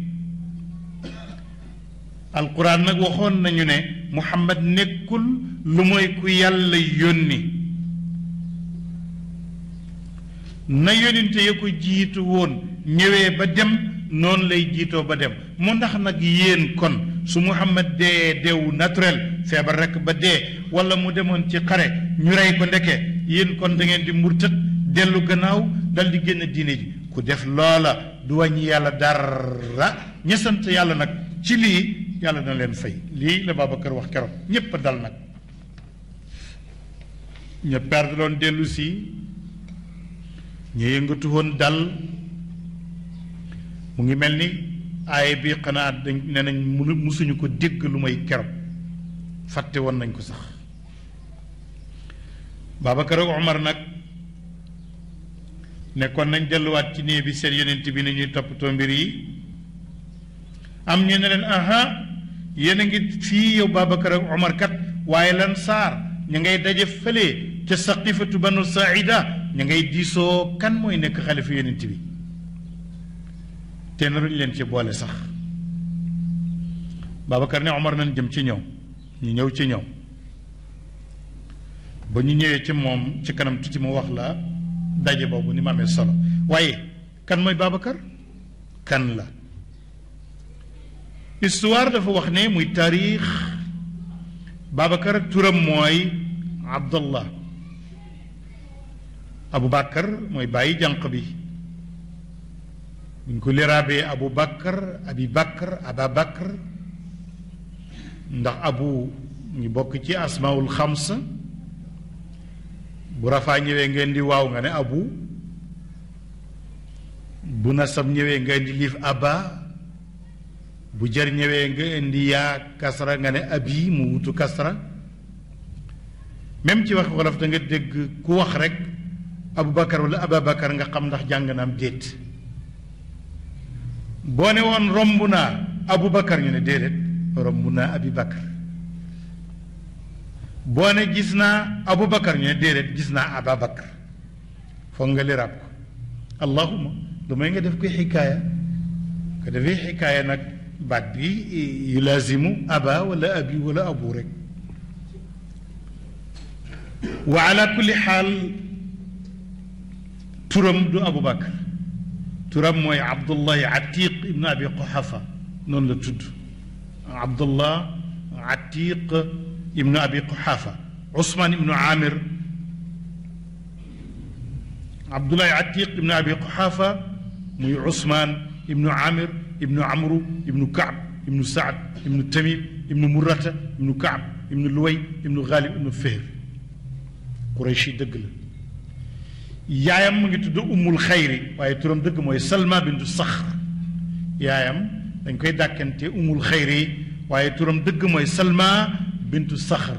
alquran nag waxoon nañu ne muhammad nekkul lu mooy ku yàlla yónni na yónninte ya ko jiitu woon ñëwee ba dem noonu lay jiitoo ba dem mu ndax nag yéen kon su muhammad dee deewu naturel feebar rekk ba dee walla mu demoon ci xare ñu rey ko ndeke yéen kon da ngeen di murtat dellu gannaaw dal di génn diine ji ku def loola du wàññi yàlla dara ña yàlla nag ci lii yàlla dana leen fay lii la Babacar wax keroog ñépp dal nag ña perte doon dellu si ña yëngatu woon dal mu ngi mel ni bi xanaa dañ musuñu ko dégg lu may keroog fàtte woon nañ ko sax Babacar ak Omar nag nekkoon nañ delluwaat ci néeg bi seen yonent bi mbir yi am ñu aha yéen a ngi fii yow ak Omar kat waaye lan saar ñu ngay daje fële ca saqifatu banu saida ñu diso diisoo kan mooy nekk xalifa yonent bi te naruñ leen ci boole sax ne Omar nañ jëm ci ñëw ñu ñëw ci ñëw ba ñu ñëwee ci moom ci kanam tuuti mu wax la daje boobu ni ma solo waaye kan mooy kan la histoire dafa wax ne muy taarix Babacar turam mooy abu Aboubacar mooy bàyyi jànq bi buñ ko liraabee Aboubacar Abibacar Ababacar ndax abu ñu bokk ci asmaul xams bu rafaa ñëwee ngeen di waaw nga ne abu bu nasab ñëwee ngeen di liif aba bu jar ñëwee nga indi yaa kasra nga ne abi mu wutu kasra même ci wax wolof da nga dégg ku wax rek abubakar wala ababakar nga xam ndax jàng naam déet boo ne woon romb naa abubakar ñu ne déedéet romb naa abibakar boo ne gis naa abubakar ñu ne déedéet gis naa ababakar foog nga liraab ko allahuma lu may nga def koy xikaaya ko defee xikaaya nag بعد بي يلازموا أبا ولا أبي ولا أبورك وعلى كل حال ترم دو أبو بكر ترم موي عبد الله عتيق ابن أبي قحافة نون لتد عبد الله عتيق ابن أبي قحافة عثمان ابن عامر عبد الله عتيق ابن أبي قحافة مي عثمان ابن عامر ابن عمرو ابن كعب ابن سعد ابن تميم ابن مرة ابن كعب ابن لوي ابن غالب ابن فهر قريشي دقل yaayam mu ngi tudd ummul xayri waaye turam dëgg mooy salma bintu saxr yaayam dañ koy dàkkante ummul xayri waaye turam dëgg mooy salma bintu saxr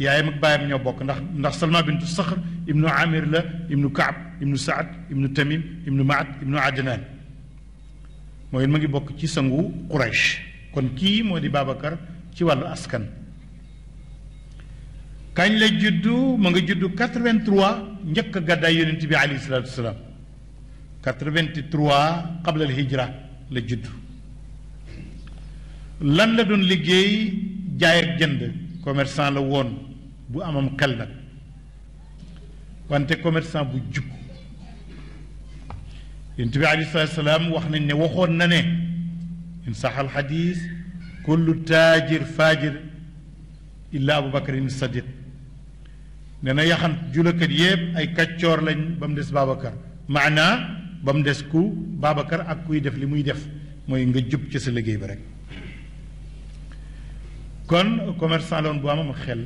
yaayam ak baayam ñoo bokk ndax ndax salma bintu saxr ibnu amir la ibnu kaab ibnu saad ibnu tamim ibnu maat ibnu adnan mooy ma ngi bokk ci sangu quraish kon kii moo di ci wàllu askan kañ la juddu ma nga juddu 83 njëkk a gàddaay yonent bi alayhi salatu wasalaam 83 qabla al hijra la juddu lan la doon liggéey jaay ak jënd commerçant la woon bu amam xel nag wante commerçant bu jub انتبع عليه الصلاة والسلام وحنا نوخون ناني إن صح الحديث كل تاجر فاجر إلا أبو بكر الصديق نانا يخن جولك ييب أي كتشور لن بمدس بابا كر معنى بمدس كو بابا كر أكو يدف لمو يدف مو ينجب جب جسل لغي برك كون كومر سالون بواما مخل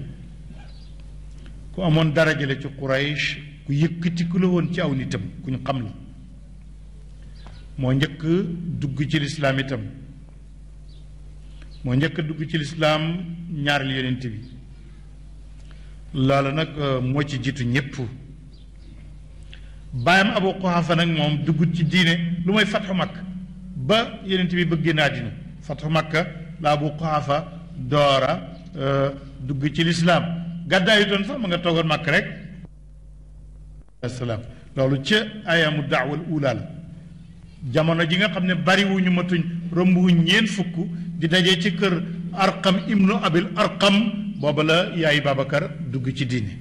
كو درجة لكي قريش كو يكتكلوون تي moo njëkk dugg ci lislaam itam moo njëkk dugg ci lislaam ñaareel yonent bi loola nag moo ci jiitu ñépp baayam abu quhafa nag moom dugg ci diine lu may fatxu makk ba yonent bi bëgg naa dina fatxu makka la abu door a dugg ci lislaam gàddaa yu doon fa ma nga toogoon makk rek asalaam loolu ca ayamu daawal ula la jamono ji nga xam ne bariwuñu matuñ rombuwuñ ñeen fukk di daje ci kër arqam ibnu abil arqam booba la yaay Babacar dugg ci diine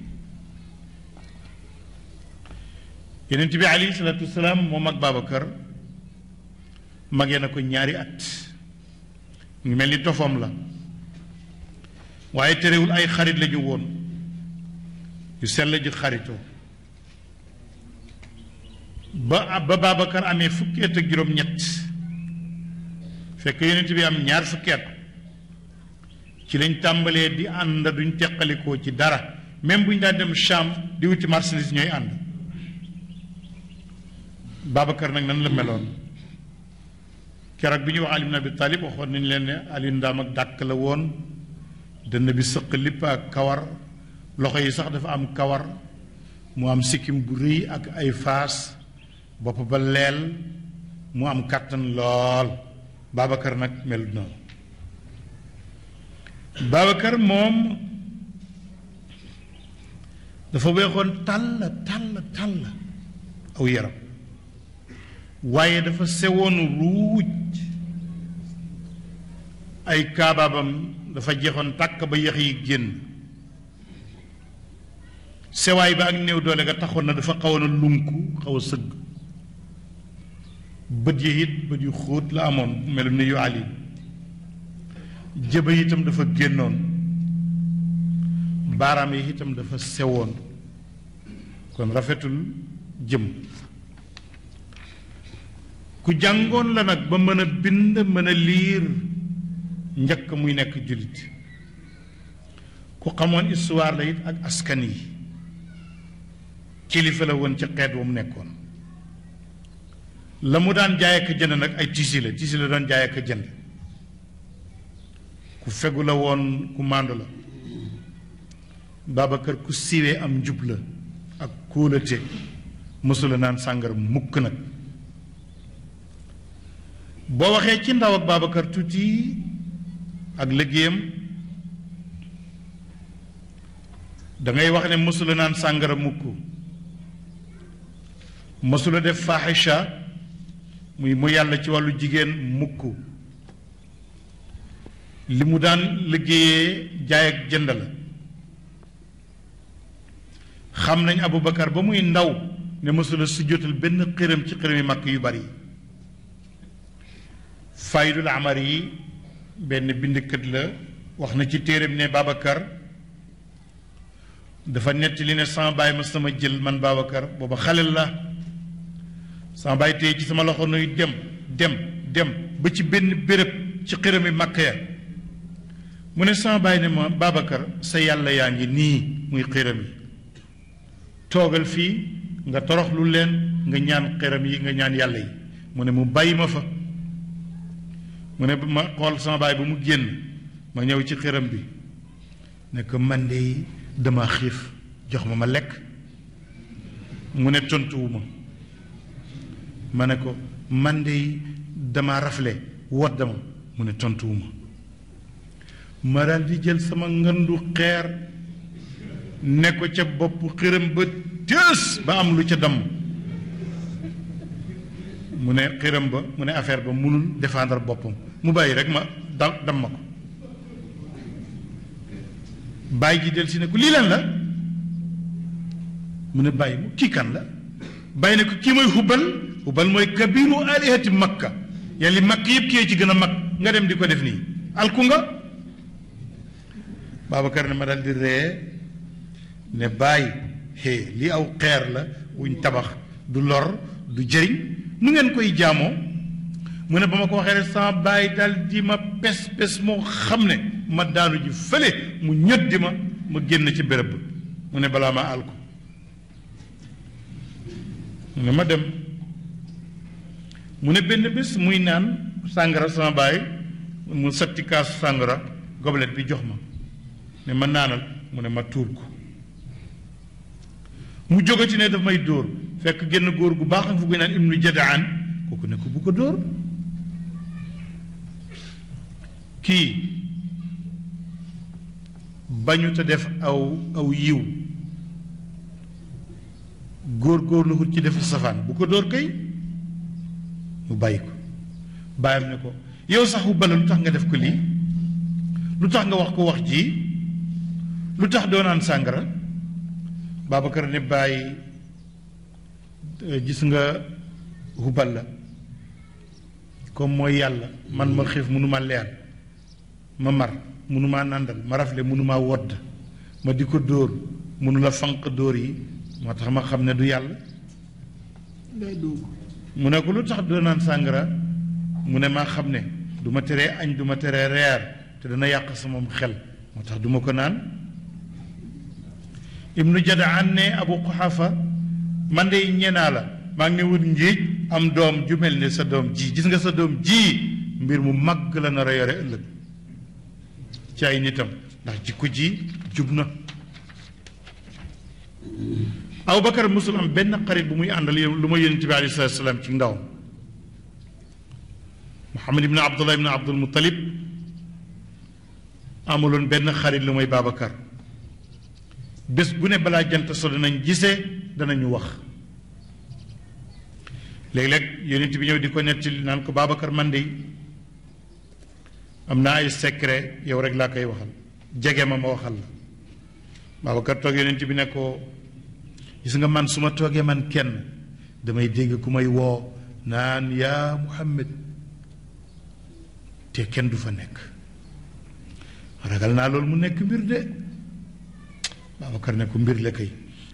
yenent bi alayhi salaatu moo mag Babacar magee na ko ñaari at ngi mel ni tofam la waaye terewul ay xarit la woon yu sell ju xaritoo ba ba Babacar amee fukki at ak juróom-ñett fekk yonent bi am ñaar fukki at ci lañ tàmbalee di ànd duñ teqalikoo ci dara même buñ daan dem Cham di wuti marchandise ñooy ànd Babacar nag nan la meloon keroog bi ñu wax Ali ibn Abi nañ leen ne Ali ndaam ak dàkk la woon dënn bi sëq lipp ak kawar loxo yi sax dafa am kawar mu am sikkim bu rëy ak ay faas bopp ba leel mu am kàttan lool Babacar nag melut noonu Babacar moom dafa weexoon tàll tàll tàll aw yaram waaye dafa sewoon ruuj ay kaabaabam dafa jeexoon tàkk ba yax yi génn sewaay ba ak néew doole ga taxoon na dafa xawoon a lunku xaw a sëgg bët yi it bët yu xóot la amoon melu ni yu ali jëba itam dafa génnoon baaraam yi itam dafa sewoon kon rafetul jëm ku jàngoon la nag ba mën a bind mën a liir njëkk muy nekk jullit ku xamoon histoire la it ak askan yi kilifa la woon ci xeet wa mu nekkoon la mu daan jaay ak jënd nag ay tiisi la tiisi la doon jaay ak jënd ku fegu la woon ku màndu la Babacar ku siiwee am njub la ak kóolate mësula naan sàngara mukk nag boo waxee ci ndaw ak Babacar tuuti ak liggéeyam dangay wax ne mësula naan sàngara mukk mësula def faaxisha muy mu yàlla ci wàllu jigéen mukk li mu daan liggéeyee jaay ak jënd la xam nañ Aboubacar ba muy ndaw ne mësula sujjóotal benn xërëm ci xërëmi màkk yu bari faydul amar yi benn bindkat la wax na ci téeram ne Babacar dafa netti li ne sama baay ma sama jël man Babacar booba xalel la sama bàyyi tey ci sama loxo nuy dem dem dem ba ci benn béréb ci xërami màkk ya mu ne sama bàyyi ne ma Babacar sa yàlla yaa ngi nii muy xëram yi toogal fii nga toroxlu leen nga ñaan xëram yi nga ñaan yàlla yi mu ne mu bàyyi ma fa mu ne ma xool sama baay ba mu génn ma ñëw ci xëram bi ne man de dama xiif jox ma ma lekk mu ne tontuwu ma ma ne ko man de dama rafle wat dama mu ne tontuwuma ma di jël sama ngëndu xeer ne ko ca boppu xiram ba tées ba am lu ca damm mu ne xiram ba mu ne affaire ba munul défendre boppam mu bàyyi rek ma da dam ma ko bàyyi ji del si ne ko lii lan la mu ne bàyyi mu kii kan la bàyyi ne ko kii mooy xubbal وبل موي كبير آلهة مكة يعني مكة يبكي يجي جنا مك نعم دي كده فني ألكونغا بابا كرنا مرة دي ره نباي هي لي أو قير لا وين تبخ دولار دجرين من عن كوي جامو من بما كوا خير سام باي دال دي ما بس بس مو خمنة ما دانو جي فلي من يد دي ما مجنة تي برب من بلا ما ألكو من ما دم mu ne benn bés muy naan sàngara sama baay mu sotti kaasu sàngara gobelet bi jox ma ne ma naanal mu ne ma tuur ko mu jóge ci ne daf may dóor fekk génn góor gu baax nga fu koy naan ibnu an kooku ne ko bu ko dóor kii bañu te def aw aw yiw góor góor lu ci def safaan bu ko dóor kay mu bàyyi ko bàyyam ne ko yow sax bu bana lu tax nga def ko lii lu tax nga wax ko wax ji lu tax doo naan sàngara Babacar ne bàyyi euh, gis nga hubal la comme mooy yàlla man ma xiif mënuma leyal ma mar mënuma nàndal ma rafle mënuma wodd ma di ko dóor mënula fanq dóor yi moo tax ma xam ne du yàlla mu ne ko lu tax doo naan sàngara mu ne maa xam ne du ma teree añ du ma teree reer te dana yàq sa moom xel moo tax duma ko naan ibnu jadaan ne abu quhafa man de ñenaa la maa ngi ne wut njiit am doom ju mel ne sa doom ji gis nga sa doom ji mbir mu mag la nar a yore ëllëg ci ay nitam ndax jikko ji jub na aboubacar musul am benn xarit bu muy àndal lu ma yonente bi alei salatu salaam ci ndawam muhammad ibne abdullah ibne abdul mutalib amuloon benn xarit lu may babacar bés bu ne balaa jant so danañ gisee danañu wax léeg-léeg yonent bi ñëw di ko nettali naan ko babacar man de am naa ay secret yow rek laa koy waxal jege ma ma waxal la babacar toog yonent bi ne ko gis nga man su ma toogee man kenn damay dégg ku may woo naan yaa Muhammad te kenn du fa nekk ragal naa loolu mu nekk mbir de Babacar ne ko mbir la kay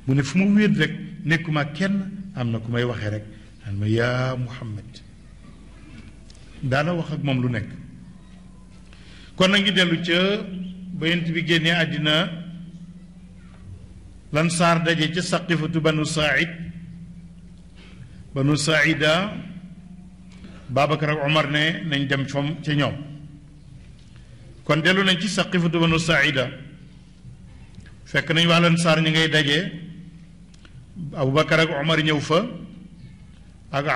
mu ne fu ma wéet rek nekkuma kenn am na ku may waxee rek naan ma yaa Muhammad daana wax ak moom lu nekk kon na ngi dellu ca bayant bi génnee àddina لانصار دجي تي سقفتو بنو سعيد بنو سعيدا بابك رك عمر ني نندم فم تي نيوم كون ديلو نان تي سقفتو بنو سعيدا فك نيو لانصار ني غي دجي ابو بكر رك عمر نيو فا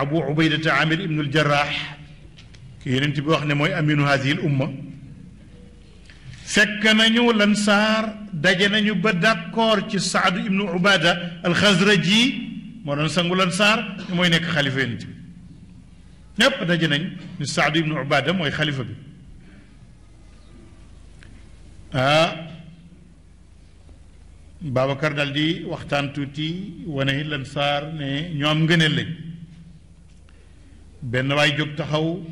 ابو عبيده عامر ابن الجراح كي ينتبه واخني موي امين هذه الامه فك نيو لنصار دجنا نيو بدكور تي سعد ابن عبادة الخزرجي مورن سانغو لنصار موي نيك خليفة انت نيب دجنا سعد ابن عبادة موي خليفة بي آه بابكر دالدي وقتان توتي ونهي لنصار ني نيو ام بن واي جوك تخاو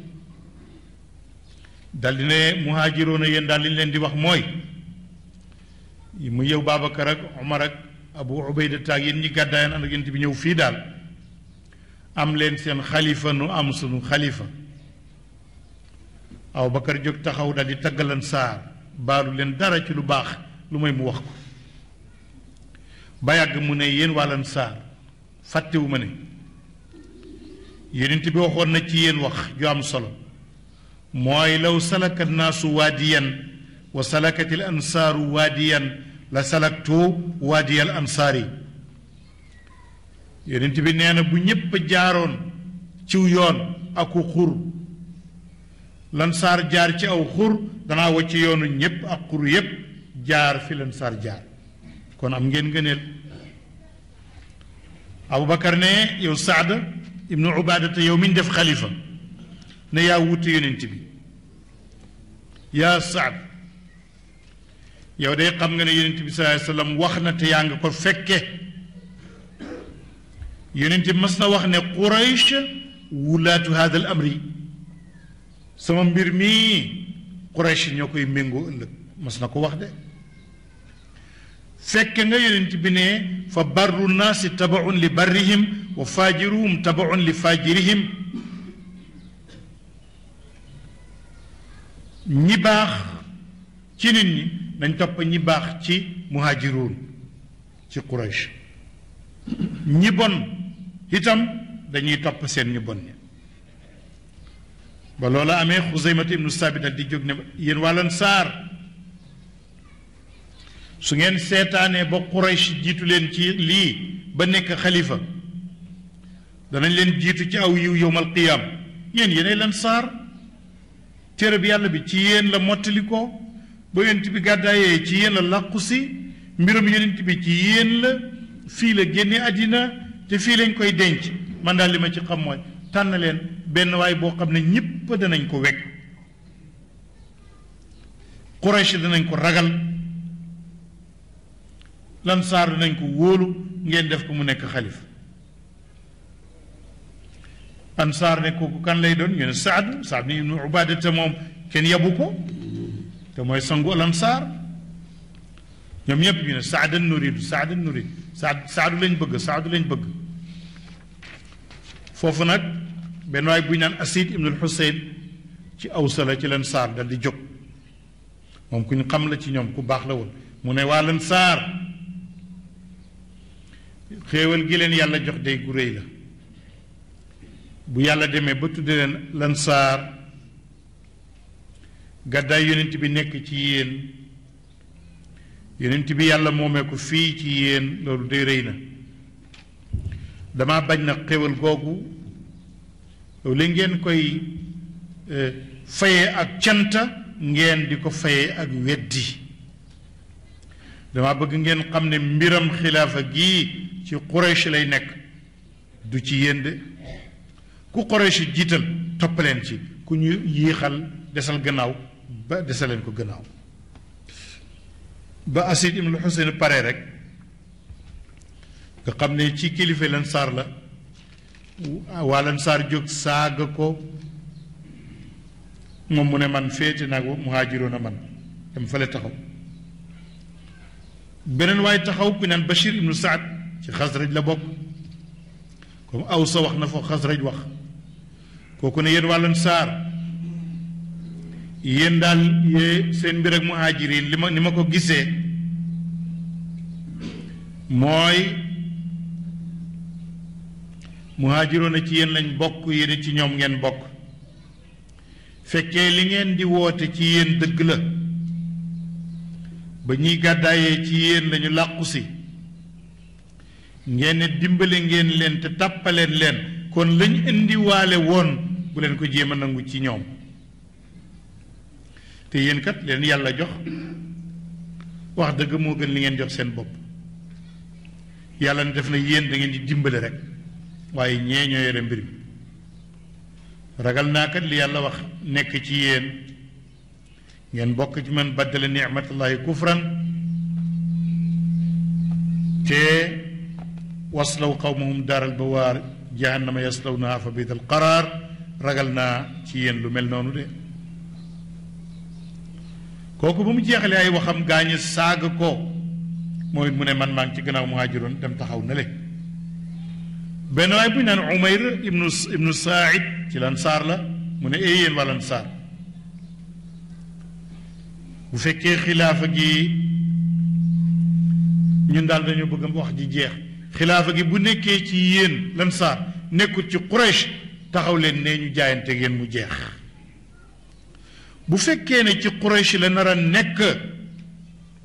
daldi ne muhaajiroona yéen daal li leen di wax mooy mu yow Babacar ak Omar ak Abu Ubayda taag yéen ñi gàddaayan ànd ak yéen bi ñëw fii daal am leen seen xalifa nu am sunu xalifa Abu Bakar jóg taxaw daal di taggalan saar baalu leen dara ci lu baax lu may mu wax ko ba yàgg mu ne yéen wàllan saar fàttewu ma ne yénent bi waxoon na ci yéen wax ju am solo mooy law salaka naasu waadiyan wa salakat al ansaaru waadiyan la salaktu waadiyal ansaari yonent bi nee na bu ñépp jaaroon ciw yoon aku xur lansaar jaar ci aw xur danaa wacc yoonu ñépp ak xur yépp jaar fi lansaar jaar kon am ngeen ngëneel abubakar ne yow saada ibnu ubaadata yow miñ def xalifa ne yaa wuute yonent bi يا سعد يا دي قم نغي يونت بي صلى الله عليه وسلم واخنا تي ياغ كو فكه يونت مسنا واخ نه قريش ولات هذا الامر سما مبير مي قريش نيوكاي مينغو اولك مسنا كو واخ دي فكه نغي يونت بي ني فبر الناس تبع لبرهم وفاجرهم تبع لفاجرهم ñi baax ci nit ñi nañ topp ñi baax ci muhaajiruun ci Quraysh ñi bon itam dañuy topp seen ñu bon ñi ba loola amee Xuzaymat ibnu Saabit dal di jóg ne yéen waa Ansaar su ngeen seetaanee ba Quraysh jiitu leen ci lii ba nekk xalifa danañ leen jiitu ci aw yiw yowmal qiyaam yéen yéenay Ansaar cere bi yàlla bi ci yéen la mottali ko ba yonent bi gàddaayee ci yenn la làqu si mbirum yonent bi ci yéen la fii la génne àddina te fii lañ koy denc man daal li ma ci xam mooy tànn leen benn waay boo xam ne ñëpp danañ ko wekk Quraysh danañ ko ragal lan lansaar danañ ko wóolu ngeen def ko mu nekk xalifa ansaar ne kooku kan lay doon ñu ne saadu saadu ibnu ubaada te moom kenn yabu ko te mooy sangu al ansaar ñoom ñëpp ñu ne saadan nuridu saadan nuridu saad saadu lañ bëgg saadu lañ bëgg foofu nag benn waay bu ñu naan asid ibnul xuseyn ci awsala ci lan saar dal di jóg moom ku ñu xam la ci ñoom ku baax la woon mu ne waa lan saar xéewal gi leen yàlla jox day gu rëy la bu yàlla demee ba tudde leen lansaar gàddaay yonent bi nekk ci yéen yonent bi yàlla moomee ko fii ci yéen loolu day rëy na dama bañ na xéwal googu li ngeen koy e, faye ak canta ngeen di ko faye ak weddi dama bëgg ngeen xam ne mbiram xilaafa gii ci Quraysh lay nekk du ci yéen de ku Quraysh jiital topp leen ci ku ñu yéexal desal gannaaw ba desal leen ko gannaaw ba Asid ibn husayn pare rek nga xam ne ci kilife lan saar la waa lan saar jóg saag ko moom mu ne man féete naa mu muhaajiroon a man dem fale taxaw beneen waaye taxaw ku naan Bachir ibnu Saad ci xasraj la bokk comme aw sa wax na foo xasraj wax kooku ne yéen wàllan saar yéen daal yee seen mbir ak muhaajiriin li ma ni ma ko gisee mooy muhaajiroona ci yéen lañ bokk yéen ci ñoom ngeen bokk fekkee li ngeen di woote ci yéen dëgg la ba ñuy gàddaayee ci yéen lañu làqu si ngeen dimbale ngeen leen te tàppaleen leen kon lañ indi waale won bu len ko jéem nangu ci ñoom kat len yàlla jox wax dëgg moo gën li ngeen jox seen bopp yàlla ne def na yéen da ngeen di dimbale rek waaye ñee ñoo yore mbir ragal naa kat li yàlla wax nekk ci yéen ngeen bokk ci man baddale nicmatallahi kufran te waslaw qawmahum daral bawaar جهنم يسلونا فبيت القرار رجلنا تيين لمل نونو دي كوكو بوم جيخلي اي وخم غاني ساغ كو موي من من مان تي غناو مهاجرون دم تخاو نالي بن واي بن عمير ابن ابن سعيد تي الانصار لا من ايين ولا انصار وفكي خلافه جي ñun dal dañu bëgg wax ji jeex xilaafa gi bu nekkee ci yéen lansaar nekkul ci Quraysh taxaw leen nee ñu jaayante ngeen mu jeex bu fekkee ne ci Quraysh la nar a nekk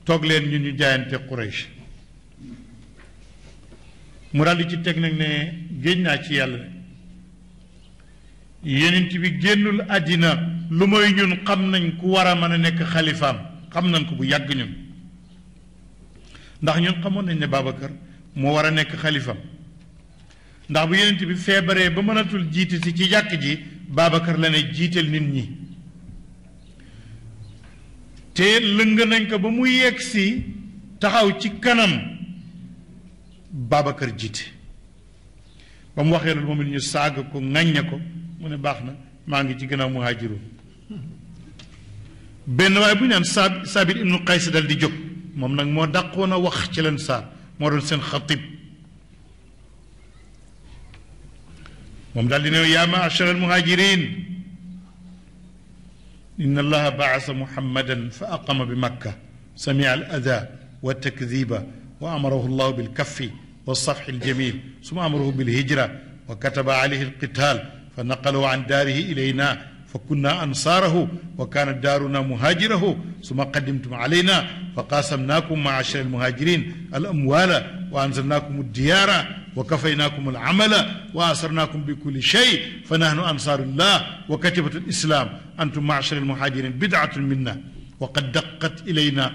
toog leen ñu ñu jaayante Quraysh mu daldi ci teg nag ne génn naa ci yàlla yenent bi génnul àddina lu mooy ñun xam nañ ku war a mën a nekk xalifaam xam nañ ko bu yàgg ñun ndax ñun xamoon nañ ne babakar. moo war a nekk xalifa ndax bu yenent bi feebaree ba mënatul jiite si ci jàkk ji Babacar la ne jiital nit ñi te lëng nañ ko ba mu yegg si taxaw ci kanam Babacar jiite ba mu waxee loolu moom it ñu saag ko ŋàññe ko mu ne baax na maa ngi ci gannaaw muhaajiroon benn waaye bu ñu naan saab saabit ibnu qays dal di jóg moom nag moo dàqoon a wax ci leen saab moo خطيب moom يا معشر المهاجرين إن الله بعث محمدا فأقام بمكة سمع الأذى والتكذيب وأمره الله بالكف والصفح الجميل ثم أمره بالهجرة وكتب عليه القتال فنقله عن داره إلينا فكنا أنصاره وكانت دارنا مهاجره ثم قدمتم علينا فقاسمناكم معاشر المهاجرين الأموال وأنزلناكم الديار وكفيناكم العمل وأسرناكم بكل شيء فنحن أنصار الله وكتبة الإسلام أنتم معشر المهاجرين بدعة منا وقد دقت إلينا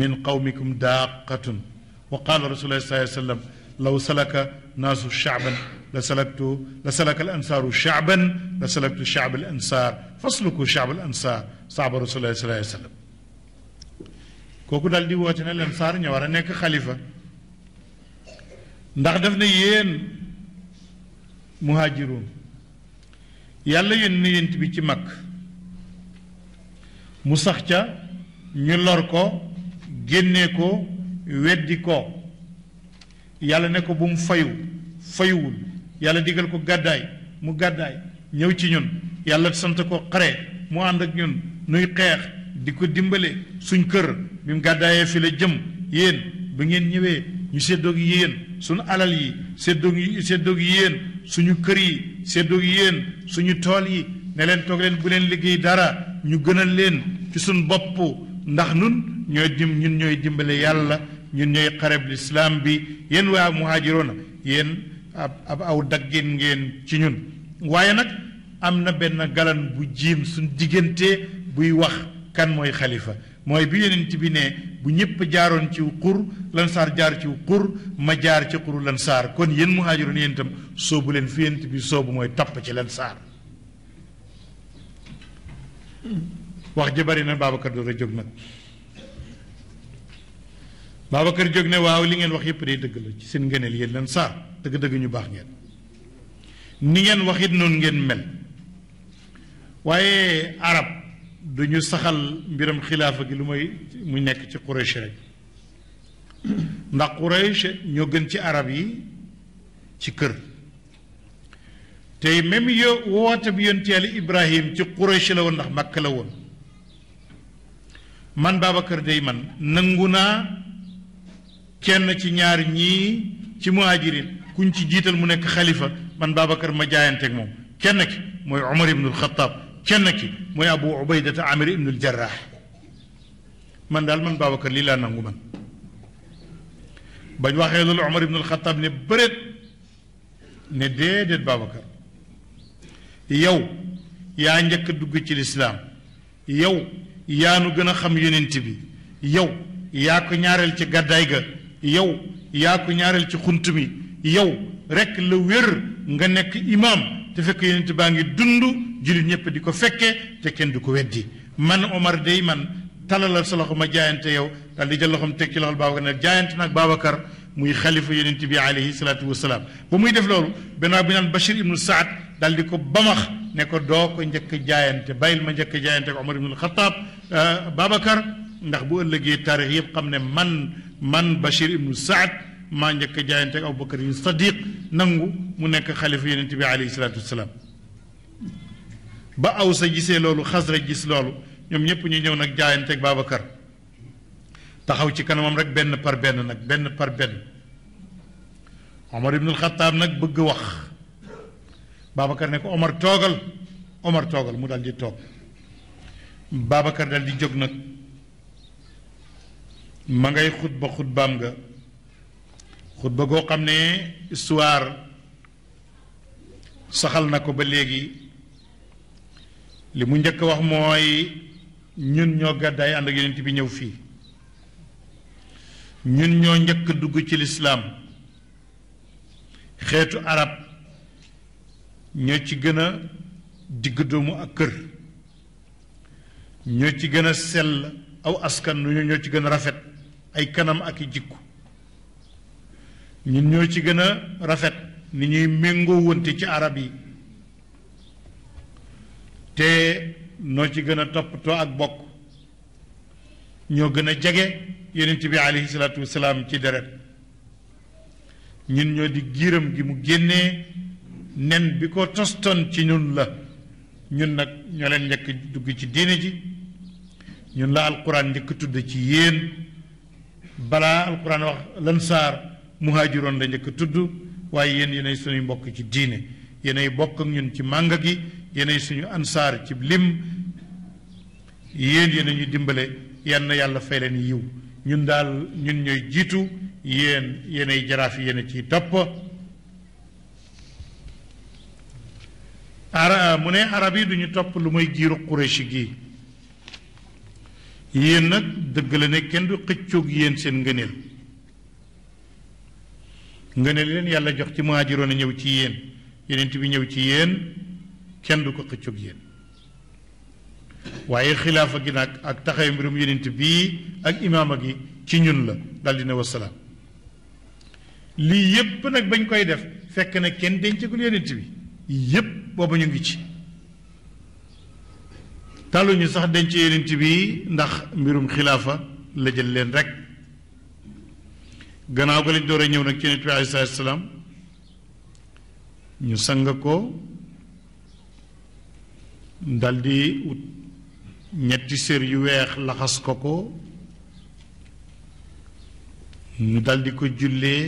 من قومكم داقة وقال رسول الله صلى الله عليه وسلم لو سلك الناس شعبا لسلكت لسلك الانصار شعبا لسلكت شعب الانصار فاسلكوا شعب الانصار صعب رسول الله صلى الله عليه وسلم كوكو دال دي واتنا الانصار ني ورا نيك خليفه ندا داف يين مهاجرون يالا يين يينت بي تي مكه مسخجا ني لور كو غينيكو yàlla ne ko bu mu fayu fayuwul yàlla digal ko gàddaay mu gàddaay ñëw ci ñun yàlla sant ko xare mu ànd ak ñun nuy xeex di ko dimbale suñ kër bi mu gàddaayee fi la jëm yéen ba ngeen ñëwee ñu séddoog yéen suñu alal yi séddoog séddoog yéen suñu kër yi séddoog yéen suñu tool yi neleen toog leen bu leen liggéey dara ñu gënal leen ci suñ bopp ndax nun ñooy dim ñun ñooy dimbale yàlla ñun ñooy xareb lislaam bi yéen waa muhaajiroona yéen ab ab aw daggin ngeen ci ñun waaye nag am na benn galan bu jiim suñ diggante buy wax kan mooy xalifa mooy bi yonent bi ne bu ñëpp jaaroon ci xur lansaar jaar ci xur ma jaar ci xuru lansaar kon yéen muhaajiroon yéen itam soobu leen fi yonent soo bu mooy topp ci lansaar wax ji bari na Babacar Dora jóg nag kër jóg ne waaw li ngeen wax yëpp day dëgg la ci seen ngëneel yéen lan saar dëgg-dëgg ñu baax ngeen ni ngeen wax it noonu ngeen mel waaye arab du ñu saxal mbiram xilaafa gi lu may mu nekk ci Quraysh rek ndax Quraysh ñoo gën ci arab yi ci kër tey même yo woote bi yonent Yàlla Ibrahim ci Quraysh la woon ndax Makka la woon man kër day man nangu naa kenn ci ñaar ñii ci muhajirin kuñ ci jiital mu nekk xalifa man babacar ma jaayanteeg moom kenn ki mooy omar ibnul xataab kenn ki mooy abu ubaydata amir ibnul jarraax man daal man babacar lii laa nangu man bañ waxee loolu omar ibnul xataab ne bëreet ne déedéet babacar yow yaa njëkk a dugg ci lislaam yow yaa nu gën a xam yonent bi yow yaa ko ñaareel ci gàddaay ga yow yaa ko ñaareel ci xunt mi yow rekk la wér nga nekk imaam te fekk yonent baa ngi dund jullit ñëpp di ko fekke te kenn di ko weddi man Omar dey man talalal sa loxo ma jaayante yow daal di jël loxoom teg ci loxol Babacar ne nag Babacar muy xalifa yonent bi alayhi salaatu wasalaam ba muy def loolu benn waa bu naan Bachir ibnu Saad daal ko bamax ne doo ko njëkk jaayante bàyyil ma njëkk jaayante ko Omar ibnul Xataab euh, Babacar ndax bu ëllëgee taarix yëpp xam ne man من بشير بن سعد ما نك جاينت ابو بكر الصديق نانغو مو نك خليفه النبي عليه الصلاه والسلام با اوسا جيسه لولو خزر جيس لولو نيوم نيب ني نيو نك جاينت ابو بكر تخاو سي كانام رك بن بار بن نك بن بار بن عمر بن الخطاب نك بغ واخ بابا كار نك عمر توغل عمر توغل مو دال دي توغ بابا كار دال دي جوغ نك ma ngay xutba xutbaam nga xutba goo xam ne histoire saxal na ko ba léegi li mu njëkk wax mooy ñun ñoo gàddaay ànd ak bi ñun dugg ci arab ñoo ci akir, a digg doomu ak kër ci aw askan ñoo ci rafet ay kanam ak i jikko ñun ñoo ci gën a rafet ni ñuy méngoo wante ci arab yi te noo ci gën a toppatoo ak bokk ñoo gën a jege yonent bi aleyhi salaatu ci deret ñun ñoo di giiram gi mu génnee nen bi ko tostoon ci ñun la ñun nag ñoo leen njëkk dugg ci diine ji ñun la alquran njëkk tudd ci yéen balaa alquran wax lan saar muhaajiroon la njëkk tudd waaye yéen yéenay suñu mbokk ci diine yéenay bokk ak ñun ci mànga gi yéenay suñu ansaar ci lim yéen yéen ñu dimbale yan yàlla fay leen yiw ñun daal ñun ñooy jiitu yéen yéenay jaraaf yéen a ciy topp ara mu ne arab yi duñu topp lu mooy giiru Quraysh gi yéen nag dëgg la ne kenn du xëccoog yéen seen ngëneel ngëneel leen yàlla jox ci muhaajiroon a ñëw ci yéen yeneen bi ñëw ci yéen kenn du ko xëccoog yéen waaye xilaafa gi nak ak taxaw mbirum yeneen bii ak imaama gi ci ñun la dal dina wasalaam lii yépp nag bañ koy def fekk na kenn dencagul yeneen bi yépp booba ñu ngi ci taluñu sax denc yenent bi ndax mbirum xilaafa la jël leen rekk gannaaw ko lañ door ñëw nag ci yenent bi alayhi salaatu salaam ñu sang ko daldi wut ñetti sér yu weex laxas ko ko ñu daldi ko jullee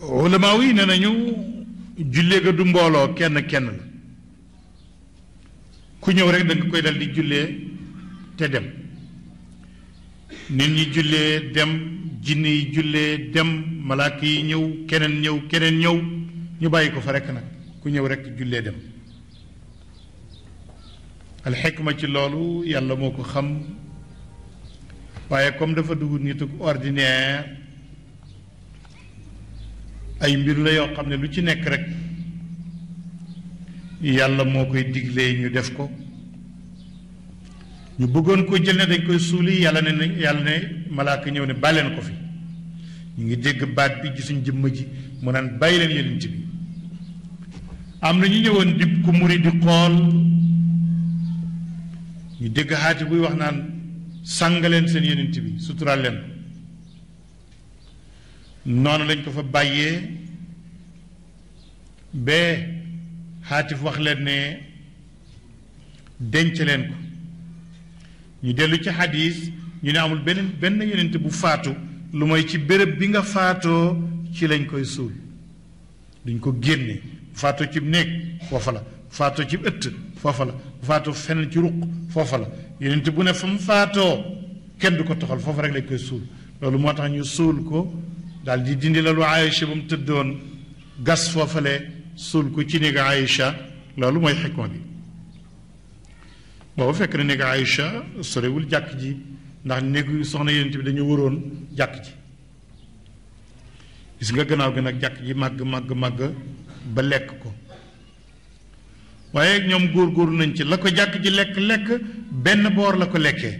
ulamaa yi nee nañu jullee ga du mbooloo kenn kenn ku ñëw rek da koy dal di jullee te dem nit ñi jullee dem jinne yi jullee dem malaaka yi ñëw keneen ñëw keneen ñëw ñu bàyyi ko fa rekk nag ku ñëw rek jullee dem ma ci loolu yàlla moo ko xam waaye comme dafa dugg nituk ordinaire ay mbir la yoo xam ne lu ci nekk rek yàlla moo koy diglee ñu def ko ñu bëggoon ko jël ne dañ koy suuli yàlla ne yàlla ne malaaka ñëw ne bàyyi leen ko fi ñu ngi dégg baat bi gisuñ jëmm ji mu naan bàyyi leen yonent bi am na ñu ñëwoon di ku muri di xool ñu dégg xaati buy wax naan sàngaleen seen yonent bi suturaal leen noonu lañ ko fa bàyyee bee xaatif wax leen ne denc leen ko ñu dellu ci xadis ñu ne amul benn benn yonent bu faatu lu mooy ci béréb bi nga faatoo ci lañ koy suul duñ ko génne faatoo ci néeg foofa la faatoo ci ëtt foofa la faatoo fenn ci ruq foofa la yonent bu ne fa mu faatoo kenn du ko toxal foofa rek lañ koy suul loolu moo tax ñu suul ko daal di dindi la lu Aïcha ba mu tëddoon gas foofale suul ko ci néeg Aïcha loolu mooy xikma bi boobu fekk na néeg Aïcha sorewul jàkk ji ndax néegu soxna yonent bi dañu waroon jàkk ji gis nga gannaaw gi nag jàkk ji màgg màgg màgg ba lekk ko waaye ñoom góor góor nañ ci la ko jàkk ji lekk lekk benn boor la ko lekkee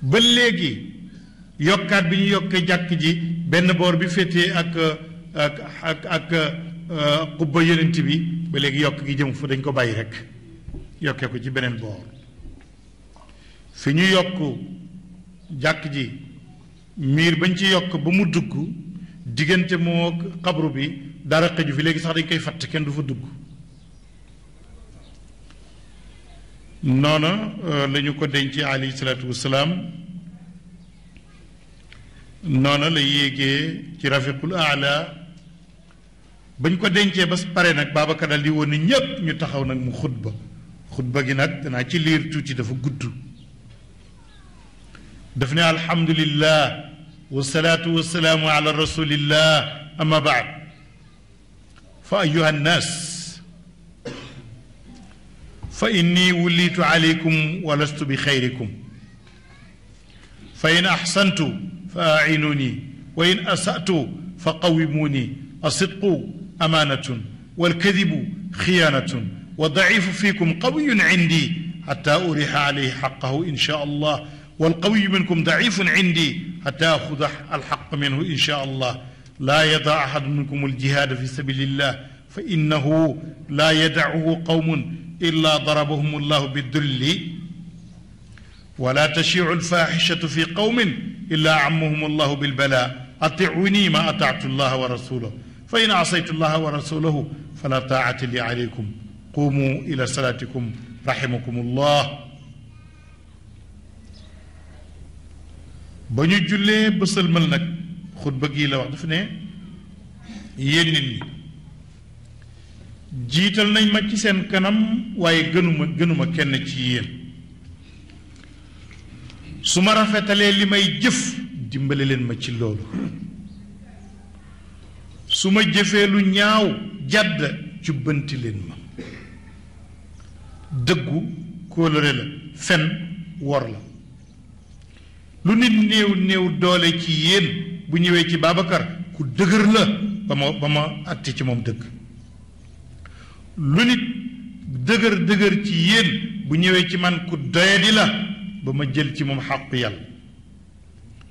ba léegi yokkaat bi ñu yokkee jàkk ji benn boor bi féetee ak ak ak ak Euh, xubba yonent bi ba léegi yokk gi jëm fa dañ ko bàyyi rek yokkee ko ci beneen boor fi ñu yokk jàkk ji miir bañ ci yokk ba mu dugg diggante moo xabru bi dara xëju fi léegi sax dañ koy fatt kenn du fa dugg noona euh, lañu ko denc alayhi salaatu wassalaam noona la yéegee ci rafiqul aala bañ ko dencé ba pare nak babaka dal di woni ñëpp ñu taxaw nak mu khutba khutba gi nak dana ci lire tuuti dafa gudd daf ne alhamdulillah wasalaatu wasalaamu ala rasulillah amma ba'd fa ayuha nas fa inni wulitu alaykum wa lastu bi xayrikum fa in ahsantu fa a'inuni wa in asatu fa qawimuni asidqu أمانة والكذب خيانة والضعيف فيكم قوي عندي حتى أريح عليه حقه إن شاء الله والقوي منكم ضعيف عندي حتى أخذ الحق منه إن شاء الله لا يضع أحد منكم الجهاد في سبيل الله فإنه لا يدعه قوم إلا ضربهم الله بالذل ولا تشيع الفاحشة في قوم إلا عمهم الله بالبلاء أطعوني ما أطعت الله ورسوله فإن عصيت الله ورسوله فلا طاعة لي عليكم قوموا إلى صلاتكم رحمكم الله بني جلي بصل ملنك خد بقي لو عدفنا ينني جيتل ناي ما تي سن كانم واي گنوما گنوما كين تي يين سوما رافتالي لي ماي جيف ديمبالي لين ما تي لولو su ma jëfee lu ñaaw jàdd jubbanti leen ma dëggu kóolëre la fen wor la lu nit néew néew doole ci yéen bu ñëwee ci Babacar ku dëgër la ba ma ba ma àtti ci moom dëgg lu nit dëgër dëgër ci yéen bu ñëwee ci man ku doyadi la ba ma jël ci moom xàqu yàlla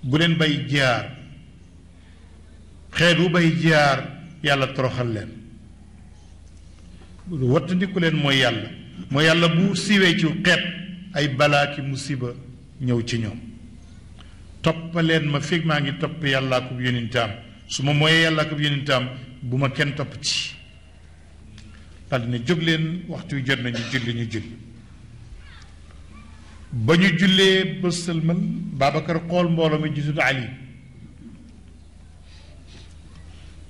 bu leen bay jaar xeet wu bay jaar yàlla toroxal leen wattandiku leen mooy yàlla mooy yàlla bu siwee ci xeet ay balaa ki musiba ñëw ci ñoom toppaleen ma fig maa ngi topp yàlla akub yonentaam su ma mooyee yàlla akub yonentaam bu ma kenn topp ci daldi ne jóg leen waxtu yu jot nañu julli ñu julli ba ñu jullee ba sëlmal Babacar xool mbooloo mi gisul Ali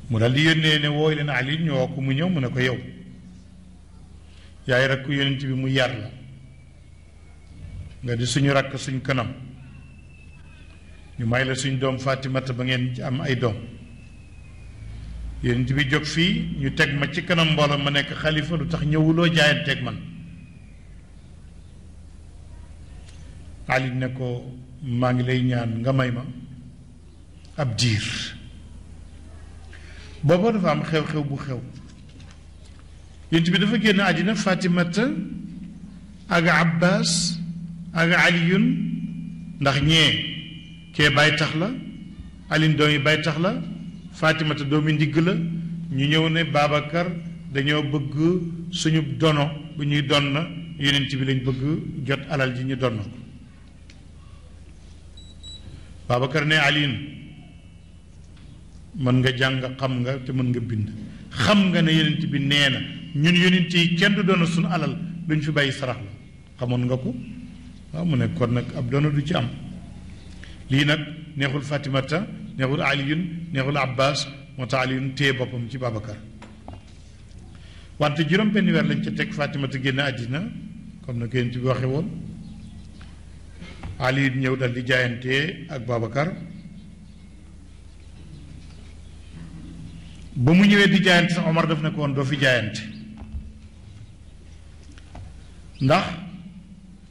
mu daal di yónnee ne wooy leen Ali ñoo ko mu ñëw mu ne ko yow yaay rakku yonent bi mu yar la nga di suñu rakk suñ kanam ñu may la suñ doom Fatimata ba ngeen am ay doom yonent bi jóg fii ñu teg ma ci kanam mbooloo ma nekk xalifa lu tax ñëwuloo teg man Ali ne ko maa ngi lay ñaan nga may ma ab diir booba dafa am xew-xew bu xew yonent bi dafa génn àddina fatimata ak abbas ak aliyun ndax ñee kee bay tax la alin doom yi bay tax la fatimata doomi ndigg la ñu ñëw ne babacar dañoo bëgg suñu dono bu ñuy don na yonent bi lañ bëgg jot alal ji ñu donn ko babacar ne aliyun mën nga jàng xam nga te mën nga bind xam nga ne yonent bi nee na ñun yonent yi kenn du doon suñu alal duñ fi bàyyi sarax la xamoon nga ko waaw mu ne kon nag ab doona du ci am lii nag neexul Fatimata neexul Aliyun neexul Abbas moo tax Aliyun téye boppam ci Babacar wante juróom benn weer lañ ca teg Fatimata génn àddina comme na ko yonent bi waxe woon Aliyun ñëw dal di jaayantee ak Babacar ba mu ñëwee di jaayante sa Omar daf ne ko woon doo fi jaayante ndax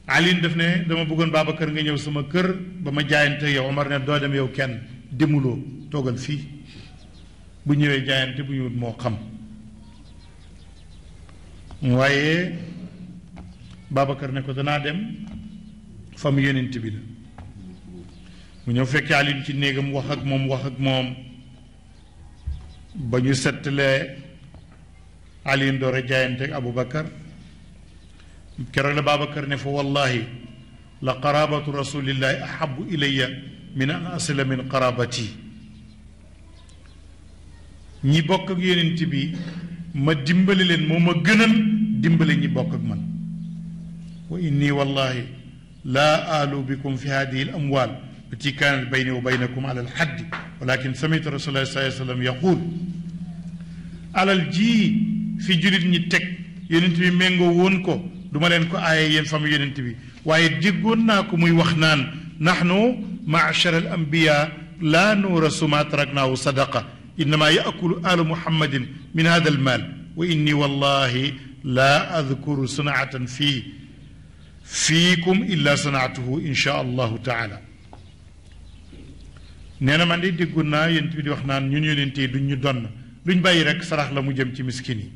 Alioune daf ne dama bëggoon Babacar nga ñëw sama kër ba ma jaayante yow Omar ne doo dem yow kenn demuloo toogal fii bu ñëwee jaayante bu ñëwut moo xam waaye Babacar ne ko danaa dem fa mu yonent bi la mu ñëw fekk Alioune ci néegam wax ak moom wax ak moom ba ñu settalee Ali Ndoore jaayante ak Aboubacar keroog la Babacar ne fa wallahi la qarabatu rasulillahi ahabu ilayya min an asila min qarabati ñi bokk ak yonent bi ma dimbali leen moo ma gënal dimbali ñi bokk ak man wa inni wallahi laa aalu bikum fi hadihi al amwal التي كانت بيني وبينكم على الحد ولكن سمعت رسول الله صلى الله عليه وسلم يقول على الجي في جلد نتك يننتي مينغو وونكو دوما لينكو آية ينفم يننتي بي مي وخنان نحن معشر الأنبياء لا نورس ما تركناه صدقة إنما يأكل آل محمد من هذا المال وإني والله لا أذكر صنعة فيه فيكم إلا صنعته إن شاء الله تعالى nee na man de déggoon naa yonent bi di wax naan ñun yonent yi duñ ñu donn duñ bàyyi rek sarax la mu jëm ci miskin yi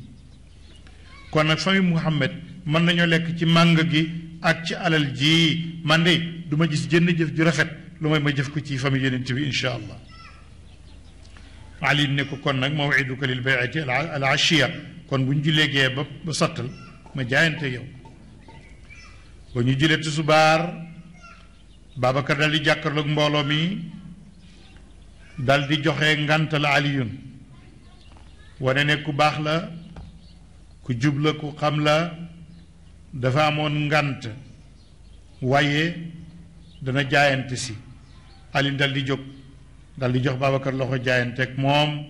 kon nag famille Muhammad mën nañoo lekk ci màng gi ak ci alal ji man de du ma gis jënn jëf ju rafet lu may ma jëf ko ci famille yonent bi incha allah Ali ne ko kon nag mawiduka lil bayati al ashiya kon bu ñu jullee gee ba ba sottal ma jaayante yow ba ñu jullee tusubaar Babacar dal di jàkkarloog mbooloo mi dal di joxe ngant la aliyun wane ne ku bax la ku jubla ku xam la dafa amoon ngant waye dana jaayante si alin dal di jóg dal di jox babakar loxo ak mom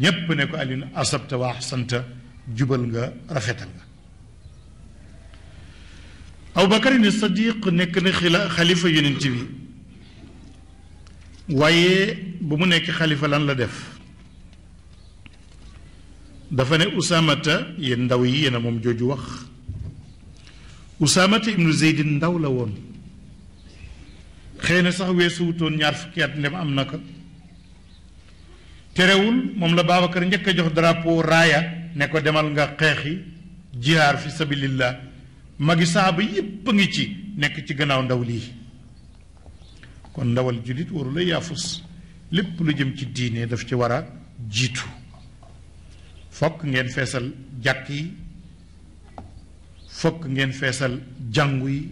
ñépp ne ko ali asabta wa ahsanta jubal nga rafetal nga Abubakarin Sadiq nekk na khalifa xalifa waye bu mu nekk xalifa lan la def dafa ne usaamata yen ndaw yi yéen mom joju jooju wax usaamata ibnu zeydin ndaw la won xeyna sax wesu wuton ñaar fukki at ne am naka terewul mom la babakar njëkk jox drapeau raya ne ko demal nga xexi jihar fi sabilillah magi sahabu yep ngi ci nekk ci gannaaw ndaw li kon ndawal jullit warula yaafus lépp lu jëm ci diine daf ci wara a jiitu fokk ngeen feesal jàkk yi fokk ngeen feesal jàngu yi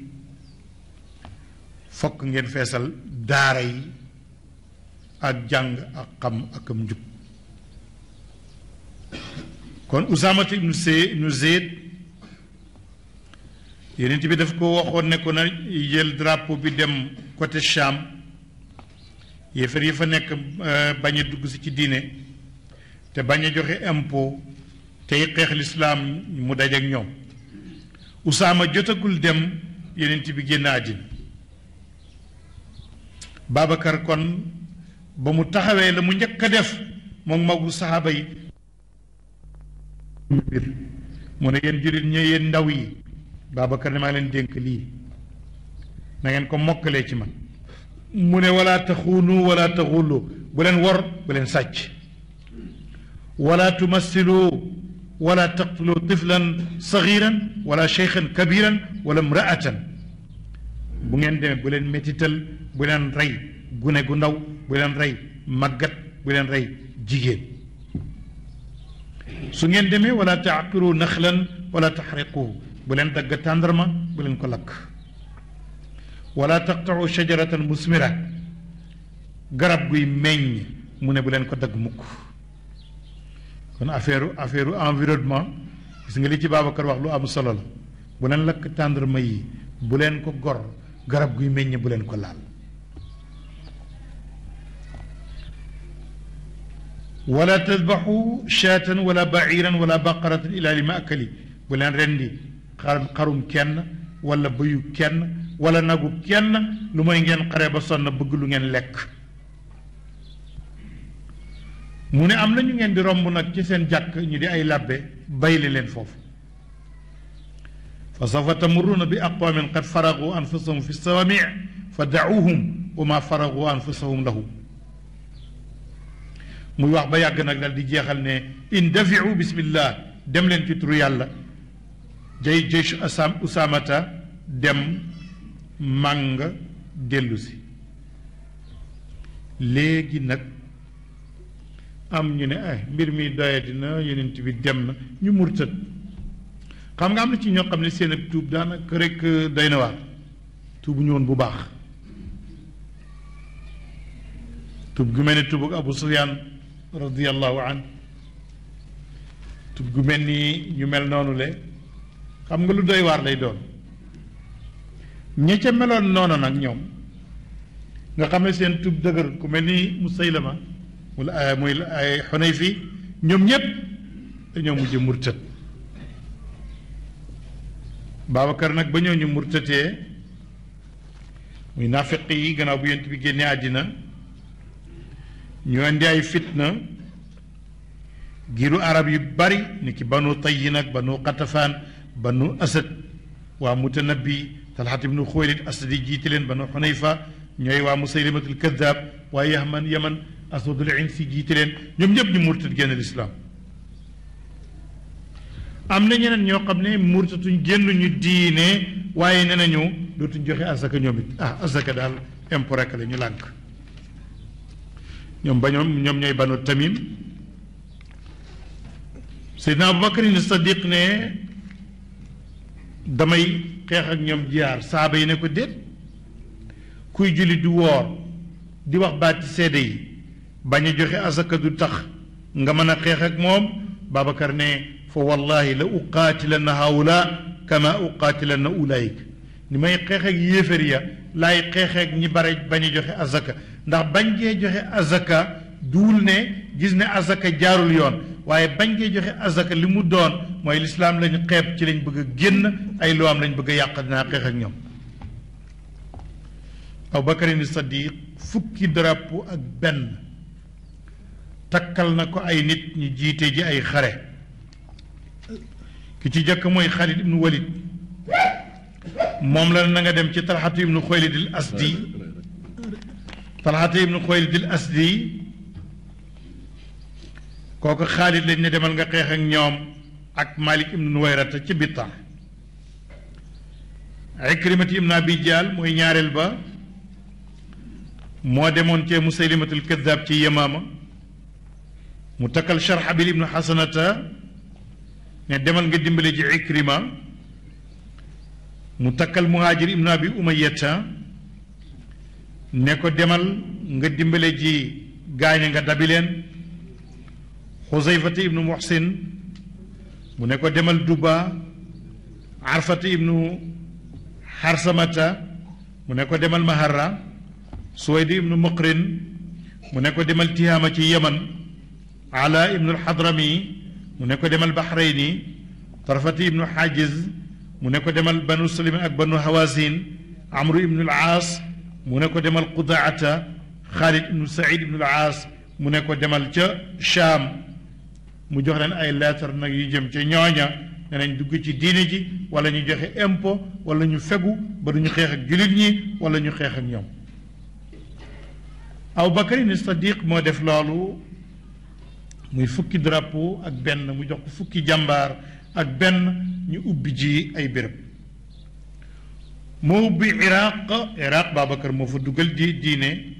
fokk ngeen feesal daara yi ak jàng ak xam ak am njub kon usaamata ibnu see ibnu zeyd yeneent bi daf ko waxoon ne ko na jël drapeau bi dem coté Cham yéefar yi fa nekk euh, bañ a dugg si ci diine te bañ a joxe impôt tey xeex lislaam mu daj ak ñoom usaama jotagul dem yenent bi génn àddina babacar kon ba mu taxawee la mu njëkk a def moom magu saxaaba yi mu ne yéen jurit ñë yéen ndaw yi babacar ne maa leen dénk lii na ngeen ko mokkalee ci man mu ne wala taxuunu wala taxullu bu leen wor bu leen sàcc wala tumassilu wala taqtulu tiflan sagiran wala cheikhan kabiran wala imraatan bu ngeen demee bu leen métital bu leen rey gune gu ndaw bu leen rey màggat bu leen rey jigéen su ngeen demee wala taaqiru naxlan wala taxriquhu bu leen dagg tàndarma bu leen ko lakk wala taqtau shajaratan musmira garab guy meññ mu ne bu leen ko dagg mukk kon affaire affaire environnement gis nga li ci Babacar wax lu am solo la bu leen lakk tàndarma yi bu leen ko gor garab guy meññ bu leen ko laal wala tadbaxu shaatan wala baciran wala baqaratan ila li maakali bu leen rendi xarum kenn wala bëyu kenn wala nagu kenn lu mooy ngeen xare ba sonn bëgg lu ngeen lekk mu ne am na ñu ngeen di romb nag ci seen jàkk ñu di ay làbbe bayle leen foofu fa sawfa tamurruuna bi aqwamin qad faragu anfusahum fi sawami fa da'uuhum wa ma faragu anfusahum lahu muy wax ba yàgg nag dal di jeexal ne in dafiu bismillah dem leen ci turu yàlla jay jaysh usamata dem màng dellusi léegi nag am ñu ne ay eh, mbir mi doyati dina yonent bi dem na ñu murtat xam nga am na ci ñoo xam ne seen ak tuub daanaka rek eh, doy na waar tuubu ñu woon bu baax tuub gu mel ni tuubug Abu Sufyaan radiallahu an tuub gu mel ni ñu mel noonu le xam nga lu doy waar lay doon ña ca meloon noonu nag ñoom nga xam ne seen tub dëgër ku mel ni Musaylama wala eh, muy ay eh, Xunayfi ñoom ñëpp dañoo mujj murtat Babacar nag ba ñoo ñu murtatee muy naafiq yi gannaaw bu yent bi génnee àddina ñu indi ay fitna giiru arab yu bari ni ki banu tayyin ak banu xatafaan banu asad waa mutanabbi talhat ibnu xuwaylid asadi jiite leen banu xunayfa ñooy waa musaylimatul kadab waa yahman yaman aswadul insi jiite leen ñoom ñëpp ñu murtad génn lislaam am na ñeneen ñoo xam ne murtatuñ génnuñu diine waaye ne nañu dootuñ joxe asaka ñoom it ah asaka daal impôt rek la ñu lànk ñoom ba ñoom ñoom ñooy banu tamim seydna aboubacar ne sadiq ne damay xeex ak ñoom jiyaar saaba yi ne ko déet kuy julli du woor di wax baati seede yi bañ a joxe asaka du tax nga mën a xeex moom Babacar ne fa wallahi la uqaatilanna haula la uqaatilanna ulaayika ni may xeex ak yéefér ya laay xeex ñi bare bañ a joxe asaka ndax bañ gee joxe asaka duul ne gis ne azaka jaarul yoon waaye bañ koy joxe azaka li mu doon mooy lislaam lañu xeeb ci lañ bëgg a génn ay luwaam lañ bëgg yàq dinaa xeex ak ñoom aw bakarin sadiq fukki drapeau ak benn takkal na ko ay nit ñu jiite ji ay xare ki ci jëkk mooy Xaalid ibnu Walid moom la na nga dem ci talxatu ibnu Xuwaylid asdi talxatu ibnu Xuwaylid asdi koko khalid lañ ne demal nga xex ak ñom ak malik ibn wayrata ci bitta ikrimati ibn abi jaal moy ñaarel ba mo demone ci musaylimatul kadhab ci yamama mu sharh bil ibn hasanata ne demal nga dimbali ci ikrima mu takkal muhaajir abi umayata ne ko demal nga dimbali ji gañ nga dabilen xuseyfati ibnu muhsin mu ne ko demal duba arfati ibnu harsamata mu ne ko demal maharra suwaydi ibnu muqrin mu ne ko demal tihaama ci yaman ala ibnu alhadrami mu ne ko demal bahrayni tarfati ibnu hajiz mu ne ko demal banu salim ak banu hawasin amru ibnu alaas mu ne ko demal qudaata xaalid ibnu saïd ibnu alaas mu ne ko demal ca cham mu jox leen ay lettre nag yu jëm ca ñooña danañ dugg ci diine ji wala ñu joxe impôt wala ñu fegu ba duñu xeex ak jullit ñi wala ñu xeex ak ñoom aw bakarin sadiq moo def loolu muy fukki drapeau ak benn mu jox ko fukki jàmbaar ak benn ñu ubbi ji ay béréb moo ubbi iraq iraq babacar moo fa dugal di diine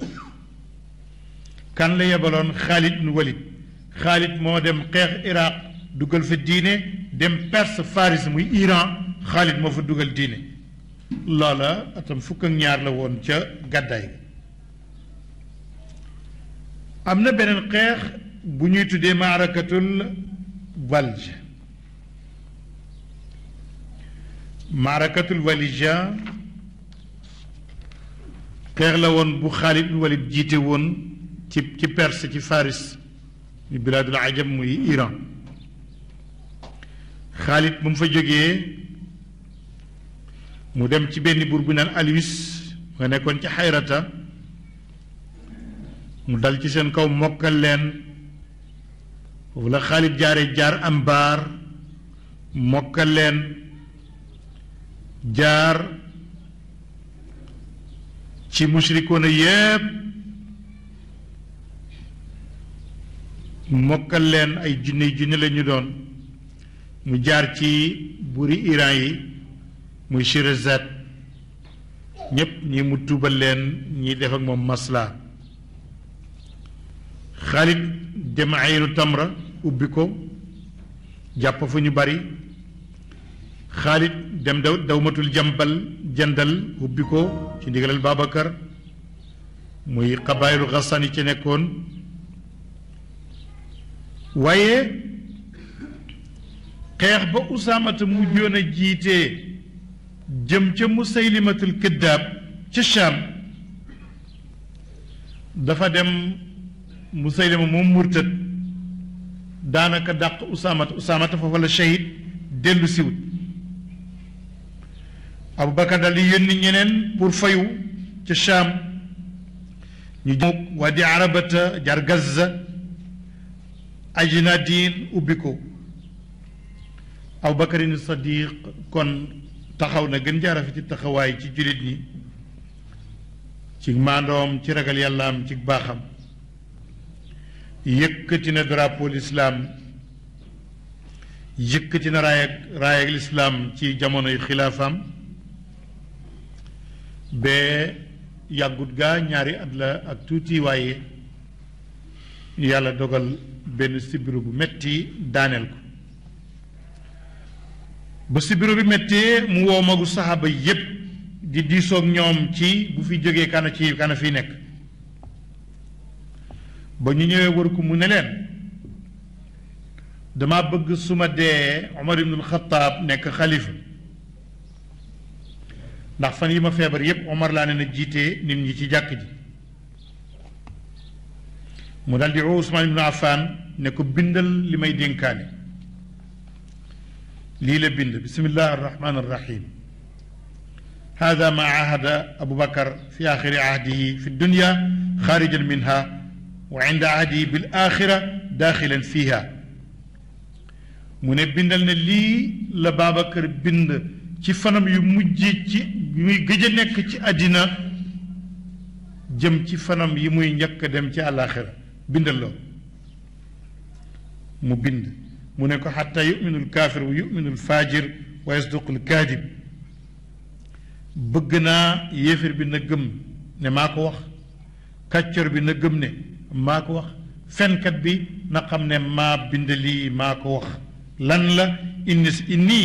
kan la yebaloon xaalid nu walid Khalid moo dem xeex Irak dugal fa diine dem Perse Faris muy Iran Khalid moo fa dugal diine loola atam fukk ak ñaar la woon ca gàddaay ga am na beneen xeex bu ñuy tuddee maarakatul walj maarakatul walija xeex la woon bu Khalid Walid jiite woon ci ci Perse ci Faris bilaadul ajab muy Iran Xaalit ba mu fa jógee mu dem ci benn buur bu naan Alwis nga nekkoon ci xayrata mu dal ci seen kaw mokkal leen foofu la Xaalit jaare jaar am baar mokkal leen jaar ci musrikoona yépp mokkal leen ay junne junne la ñu doon mu jaar ci buuri Iran yi muy Shirazad ñépp ñi mu tuubal leen ñi def moom masla Xaalid dem aynu tamra ubbi ko jàpp ñu bari Xaalid dem daw dawmatul jambal jandal ubbi ko ci ndigalal Babacar muy xabaayilu xasan yi ci nekkoon waaye xeex ba usaamata mujjoon a jiitee jëm ca musaylimatul këddaab ca Sham dafa dem musaylima moom murtad daanaka dàq usaamata usaamata foofa la shahid dellu siwut Abubakar dal di yónni ñeneen pour fayu ca Sham ñu wadi arabata jar Gaza ajna diin ubbi ko aboubacarin sadiq kon taxaw na gën jaa rafeti taxawaay ci jullit ñi ci maandoom ci ragal yàllaam ci baaxam yëkkati na drapeau l'islam yëkkati na raayag raayag l'islam ci jamonoy xilaafaam ba yàggut gaa ñaari at la ak tuuti waaye yàlla dogal benn sibiru bu metti daaneel ko ba sibiru bi méttee mu woo magu saxaaba yépp di diisoog ñoom ci bu fi jógee kana ci kana fi nekk ba ñu ñëwee war ko mu ne leen dama bëgg suma ma dee Omar ibnul Xataab nekk xalifa ndax fan yi ma feebar yépp Omar laa ne na jiite nit ñi ci jàkk ji mu daldi Ousmane ibn Affan ne ko bindal كان denkani li بسم الله الرحمن الرحيم هذا ما عهد أبو بكر في آخر عهده في الدنيا خارجا منها وعند عهده بالآخرة داخلا فيها من بندل لي لبابا بكر بند كي يمجيك يمجي كي جنك جم كي فنم يمجي نك دم كي الآخرة bindal lo mu bind mu ne ko xatta yuminul kafir wa yuminul fajir wa yasduqul kadhib bëgg naa yéefir bi na gëm ne maa ko wax kàccor bi na gëm ne maa ko wax fenkat bi na xam ne maa bind lii maa ko wax lan la inni inni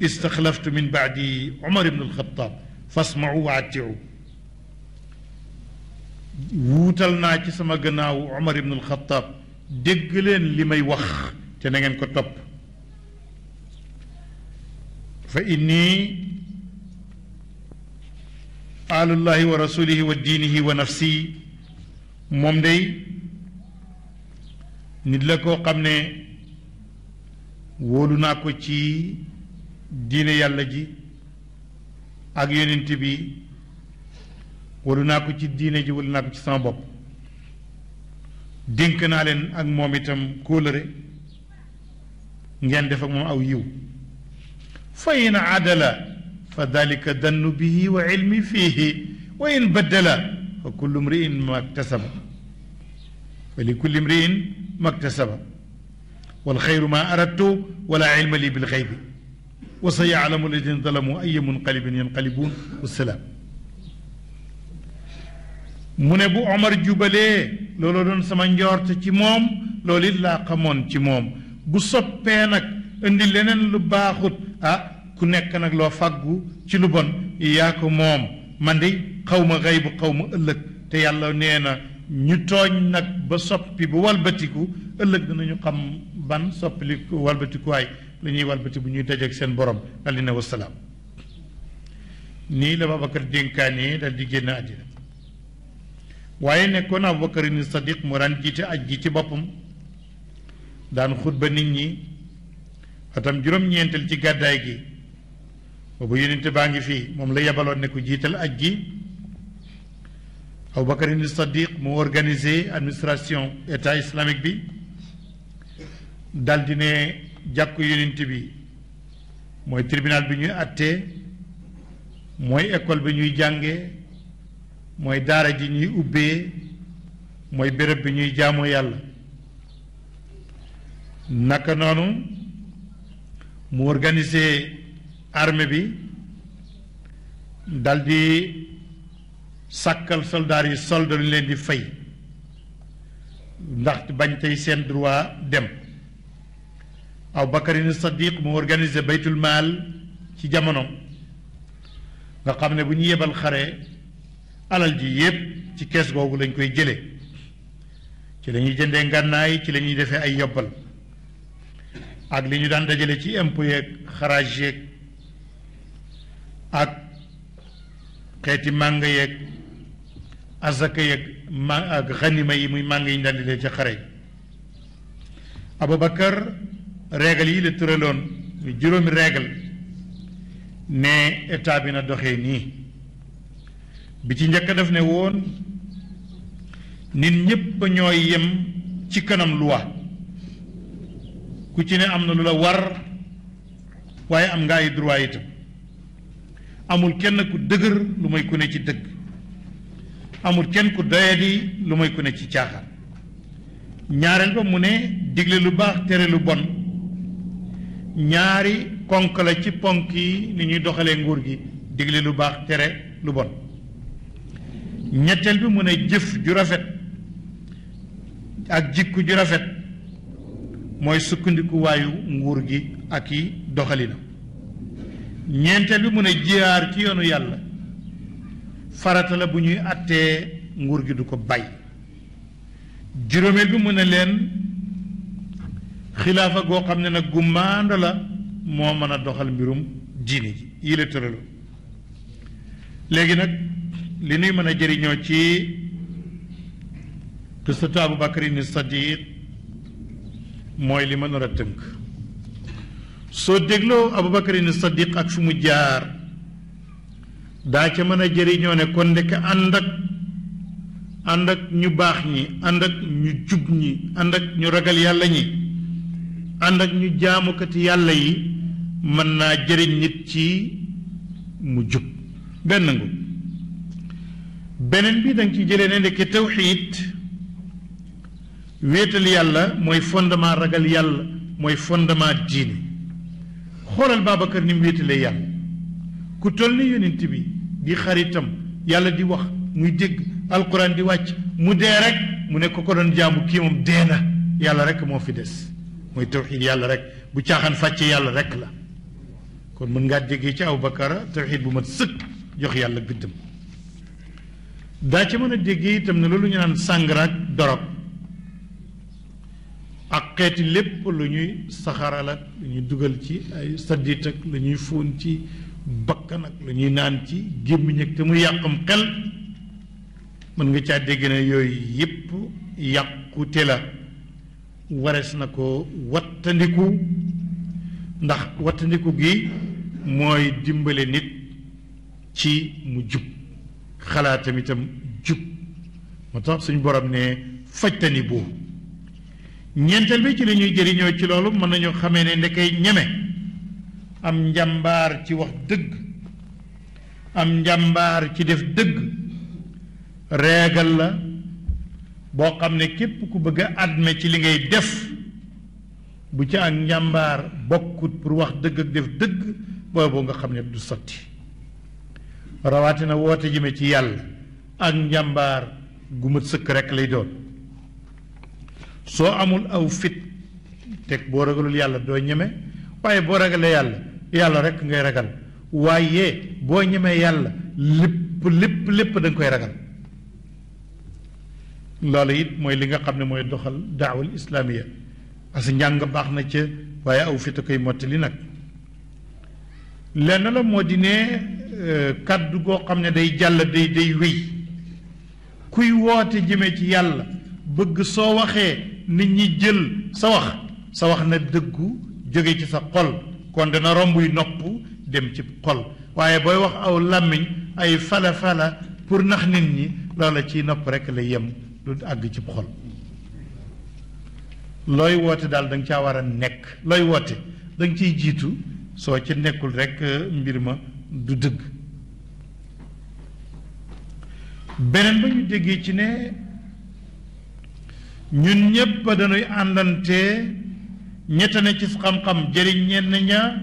istaxlaftu min baadi umar ibn alxataab fasmau wa attiu wuutal naa ci sama gannaaw Omar ibn al-Khattab dégg leen li may wax te na ko topp fa inni aalullahi wa rasulihi wa diinihi wa nafsi moom day nit la koo xam ne wóolu naa ko ci diine yàlla ji ak yonent bi walu naa ko ci diine ji walu naa ko ci sama bopp dénk naa leen ak moom itam kóolëre ngeen def ak moom aw yiw fa in adala fa dalika dannu bihi wa ilmi fiihi wa in baddala fa kullu mriin ma aktasaba fa li kulli mriin ma aktasaba والخير ما أردت ولا علم لي بالغيب وسيعلم الذين ظلموا أي منقلب ينقلبون والسلام mu ne bu Omar jubalee looloo doon sama njort ci moom loolu it laa xamoon ci moom bu soppee nag indi leneen lu baaxut ah ku nekk nag loo fàggu ci lu bon yaa ko moom man de xaw ma xëy bu xaw ma ëllëg te yàlla nee na ñu tooñ nag ba soppi bu walbatiku ëllëg danañu xam ban soppili walbatikuwaay la ñuy walbati bu ñuy dajeeg seen borom alina wasalaam nii la Babacar dénkaane dal di génn àddina waaye nekkoon Abubakarin Sadiq mu daan jiite aj gi ci boppam daan xutba nit ñi atam juróom-ñeenteel ci gàddaay gi boobu yonent baa ngi fii moom la yebaloon ne ku jiital aj gi Abubakarin Sadiq mu organisé administration état islamique bi daldi ne jàkku yonent bi mooy tribunal bi ñuy àttee mooy école bi ñuy jànge mooy daara ji ñuy ubbee mooy béréb bi ñuy jaamu yàlla naka noonu mu organiser armée bi dal di sàkkal soldaar yi solde lu leen di fay ndax bañ tey seen droit dem aw bakarin sadiq mu organiser baytul maal ci jamono nga xam ne bu ñu yebal xare alal ji yépp ci kees googu lañ koy jëlee ci lañuy jënde jëndee ngànnaay ci lañuy defee ay yobbal ak li ñu daan dajale ci impôt yeeg xaraaj yeeg ak xeeti màng yeeg azaka yeeg ma ak xanima yi muy màng yi ñu daan di dee ca xare yi yi la tëraloon juróomi régal ne état bi na doxee nii bi ci njëkk def ne woon nit ñépp ñoo yem ci kanam loi ku ci ne am na lu la war waaye am nga ay droit amul kenn ku dëgër lu may ku ne ci dëgg amul kenn ku doyadi lu may ku ne ci caaxaan ñaareel ba mu ne digle lu baax tere lu bon ñaari konk la ci ponk yi ni ñuy doxalee nguur gi digle lu baax tere lu bon ñetteel bi mu ne jëf ju rafet ak jikku ju rafet mooy sukkandikuwaayu nguur gi ak yi doxalinam ñeenteel bi mu ne jiyaar ci yoonu yàlla farata la bu ñuy àttee nguur gi du ko bay juróomeel bi mu ne leen xilaafa goo xam ne nag gu la moo mën a doxal mbirum diini ji yi léegi nag li nuy mën a jariñoo ci qissatu Abubakrin Sadiq mooy li ma nar a tënk soo dégloo Abubakrin Sadiq ak fu mu jaar daa ca mën a jariñoo ne kon ndekk ànd ak ànd ak ñu baax ñi ànd ak ñu jub ñi ànd ak ñu ragal yàlla ñi ànd ak ñu jaamukati yàlla yi mën naa jariñ nit ci mu jub benn ngu beneen bi danga ci jëlee ne ndeke tawxiid wéetal yàlla mooy fondement ragal yàlla mooy fondement diine xoolal Babacar ni mu wéetalee yàlla ku toll ni yonent bi di xaritam yàlla di wax muy dégg alquran di wàcc mu dee rek mu ne ko ko doon jaamu kii moom dee na yàlla rek moo fi des mooy tawxiid yàlla rek bu caaxaan fàcce yàlla rek la kon mën ngaa déggee ci Abubakar tawxiid bu mat sëkk jox yàlla biddam daa ci mën a déggee itam ne loolu ñu naan sàngara ak dorog ak xeeti lépp lu ñuy saxaral ak lu ñuy dugal ci ay saddit ak lu ñuy fóon ci bakkan ak lu ñuy naan ci gémmiñ ak te mu yàqam xel mën nga caa dégg ne yooyu yépp yàqute la warees na ko wattandiku ndax wattandiku gi mooy dimbale nit ci mu jub xalaatam itam jub moo tax suñ borom ne fajtani bu ñeenteel bi ci la ñuy jëriñoo ci loolu mën nañu xamee ne ndekay ñeme am njàmbaar ci wax dëgg am njàmbaar ci def dëgg reegal la boo xam ne képp ku bëgg a adme ci li ngay def bu ci ak njàmbaar bokkut pour wax dëgg ak def dëgg booy boo nga xam ne du sotti rawatina woote jëme ci yàlla ak njàmbaar gu mat sëkk rek lay doon amul aw fit tek boo ragalul yàlla doo ñeme waaye boo ragalee yàlla yàlla rek ngay ragal waaye boo ñemee lip lip lépp lépp da nga koy ragal loolu it mooy li nga xam ne mooy doxal daawal islaamiya parce que njàng baax na aw fit koy mottali lenn la modine Euh, kàddu goo xam ne day jàll day day wéy kuy woote jëme ci yàlla bëgg soo waxee nit ñi jël sa wax sa wax na dëggu jóge ci sa xol kon dana rombuy nopp dem ci xol waaye booy wax aw làmmiñ ay fala fala pour nax nit ñi loola ciy nopp rekk la yem du àgg ci xol looy woote daal danga caa war a nekk looy woote danga ciy jiitu soo ci nekkul rekk euh, mbir ma du dëgg beneen ba ñu déggee ci ne ñun ñépp dañuy àndante ñettane ci xam-xam jëriñ ñenn ña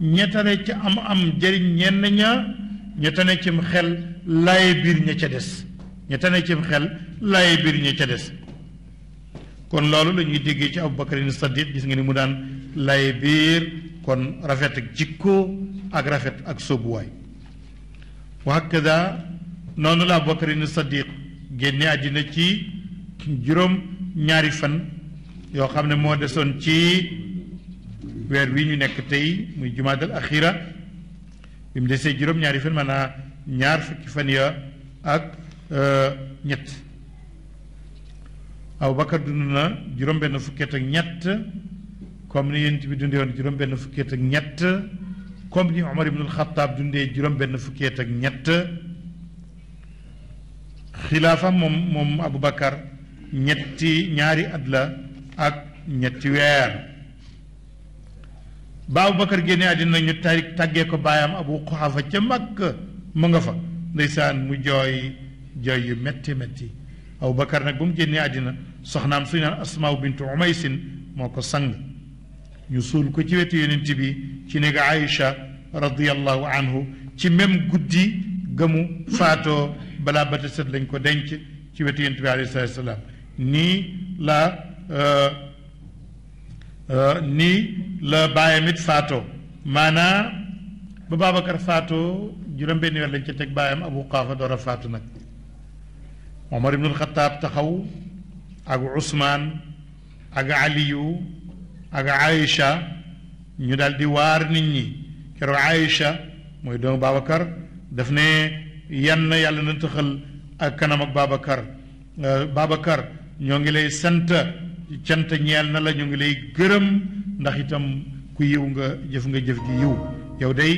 ñettane ci am-am jëriñ ñenn ña ñettane cim xel laaye biir ña ca des ñettane cim xel laaye biir ña ca des kon loolu la ñuy déggee ci Abu Bakarin Saddiq gis nga ni mu daan lay biir kon rafet ak jikko ak rafet ak sóobuwaay wa hakada noonu la Abubakarin Sadiq génne àddina ci juróom ñaari fan yoo xam ne moo desoon ci weer wi ñu nekk tey muy jumaadal axira bi mu desee juróom ñaari fan maanaam ñaar fukki fan ya ak euh, ñett Abubakar dund na juróom benn fukket ak ñett comme ni yent bi dundé won juroom benn fukki ak ñett comme ni Omar ibn al-Khattab dundé juroom benn fukki ak ñett khilafa mom mom Abu Bakar ñetti ñaari adla ak ñetti weer ba Abu Bakar génné adina ñu tarik taggé ko bayam Abu Quhafa ci mak mu nga fa ndeysaan mu jooy jooy yu metti metti Abu Bakar nag bu mu génnee àddina soxnaam suñu asma Asmaa bintu Umaysin moo sang ñu suul ko ci wetu yonent bi ci néeg Aïcha radiallahu anhu ci même guddi gëmu faatoo balaa bata set lañ ko denc ci wetu yonent bi alayhi salatu salaam nii la nii la bàyyam it faatoo maanaa ba Babacar faatoo juróom-benn weer lañ ca teg bàyyam Abu Qaafa door a faatu nag Omar ibnul Xataab taxaw ak Ousmane ak Aliyu ak Aïcha ñu daal di waar nit ñi keroog Aïcha mooy doomu Babacar daf ne yan yàlla na tëxal ak kanam ak Babacar euh, Babacar ñoo ngi lay sant cant ñeel na la ñu ngi lay gërëm ndax itam ku yiw nga jëf nga jëf gi yiw yow day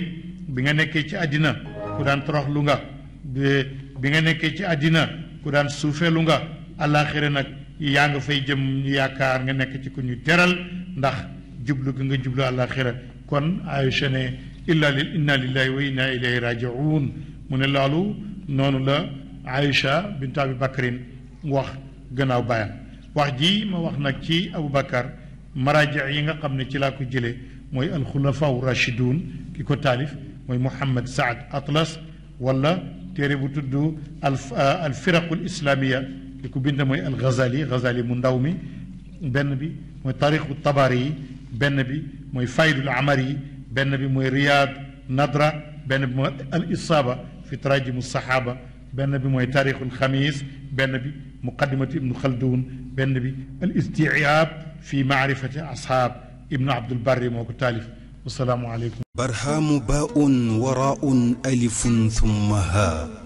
bi nga nekkee ci àddina ku daan toroxlu nga bi nga nekkee ci àddina ku daan suufeelu nga àllaaxira nag yang nga fay jëm ñu yaakaar nga nekk ci ku ñu teral ndax jublu gi nga jublu àllaaxira kon Aïcha ne illa lil inna lillahi wa inna ilayhi rajiun mu ne loolu noonu la Aïcha bintu Abi Bakrin wax gannaaw baayam wax ji ma wax nag ci Abu Bakar maraaji yi nga xam ne ci laa ko jëlee mooy alxulafaw rachidun ki ko taalif mooy Mouhamed Saad Atlas wala téere bu tudd al firaqul islamiya كيكون بين موي الغزالي غزالي منداومي بنبي نبي موي طريق الطبري بنبي نبي موي فايد العمري بنبي نبي موي رياض نضرة بنبي نبي الإصابة في تراجم الصحابة بنبي نبي موي تاريخ الخميس بنبي مقدمة ابن خلدون بنبي نبي الاستيعاب في معرفة أصحاب ابن عبد البر موك التالف والسلام عليكم برهام باء وراء ألف ثم هاء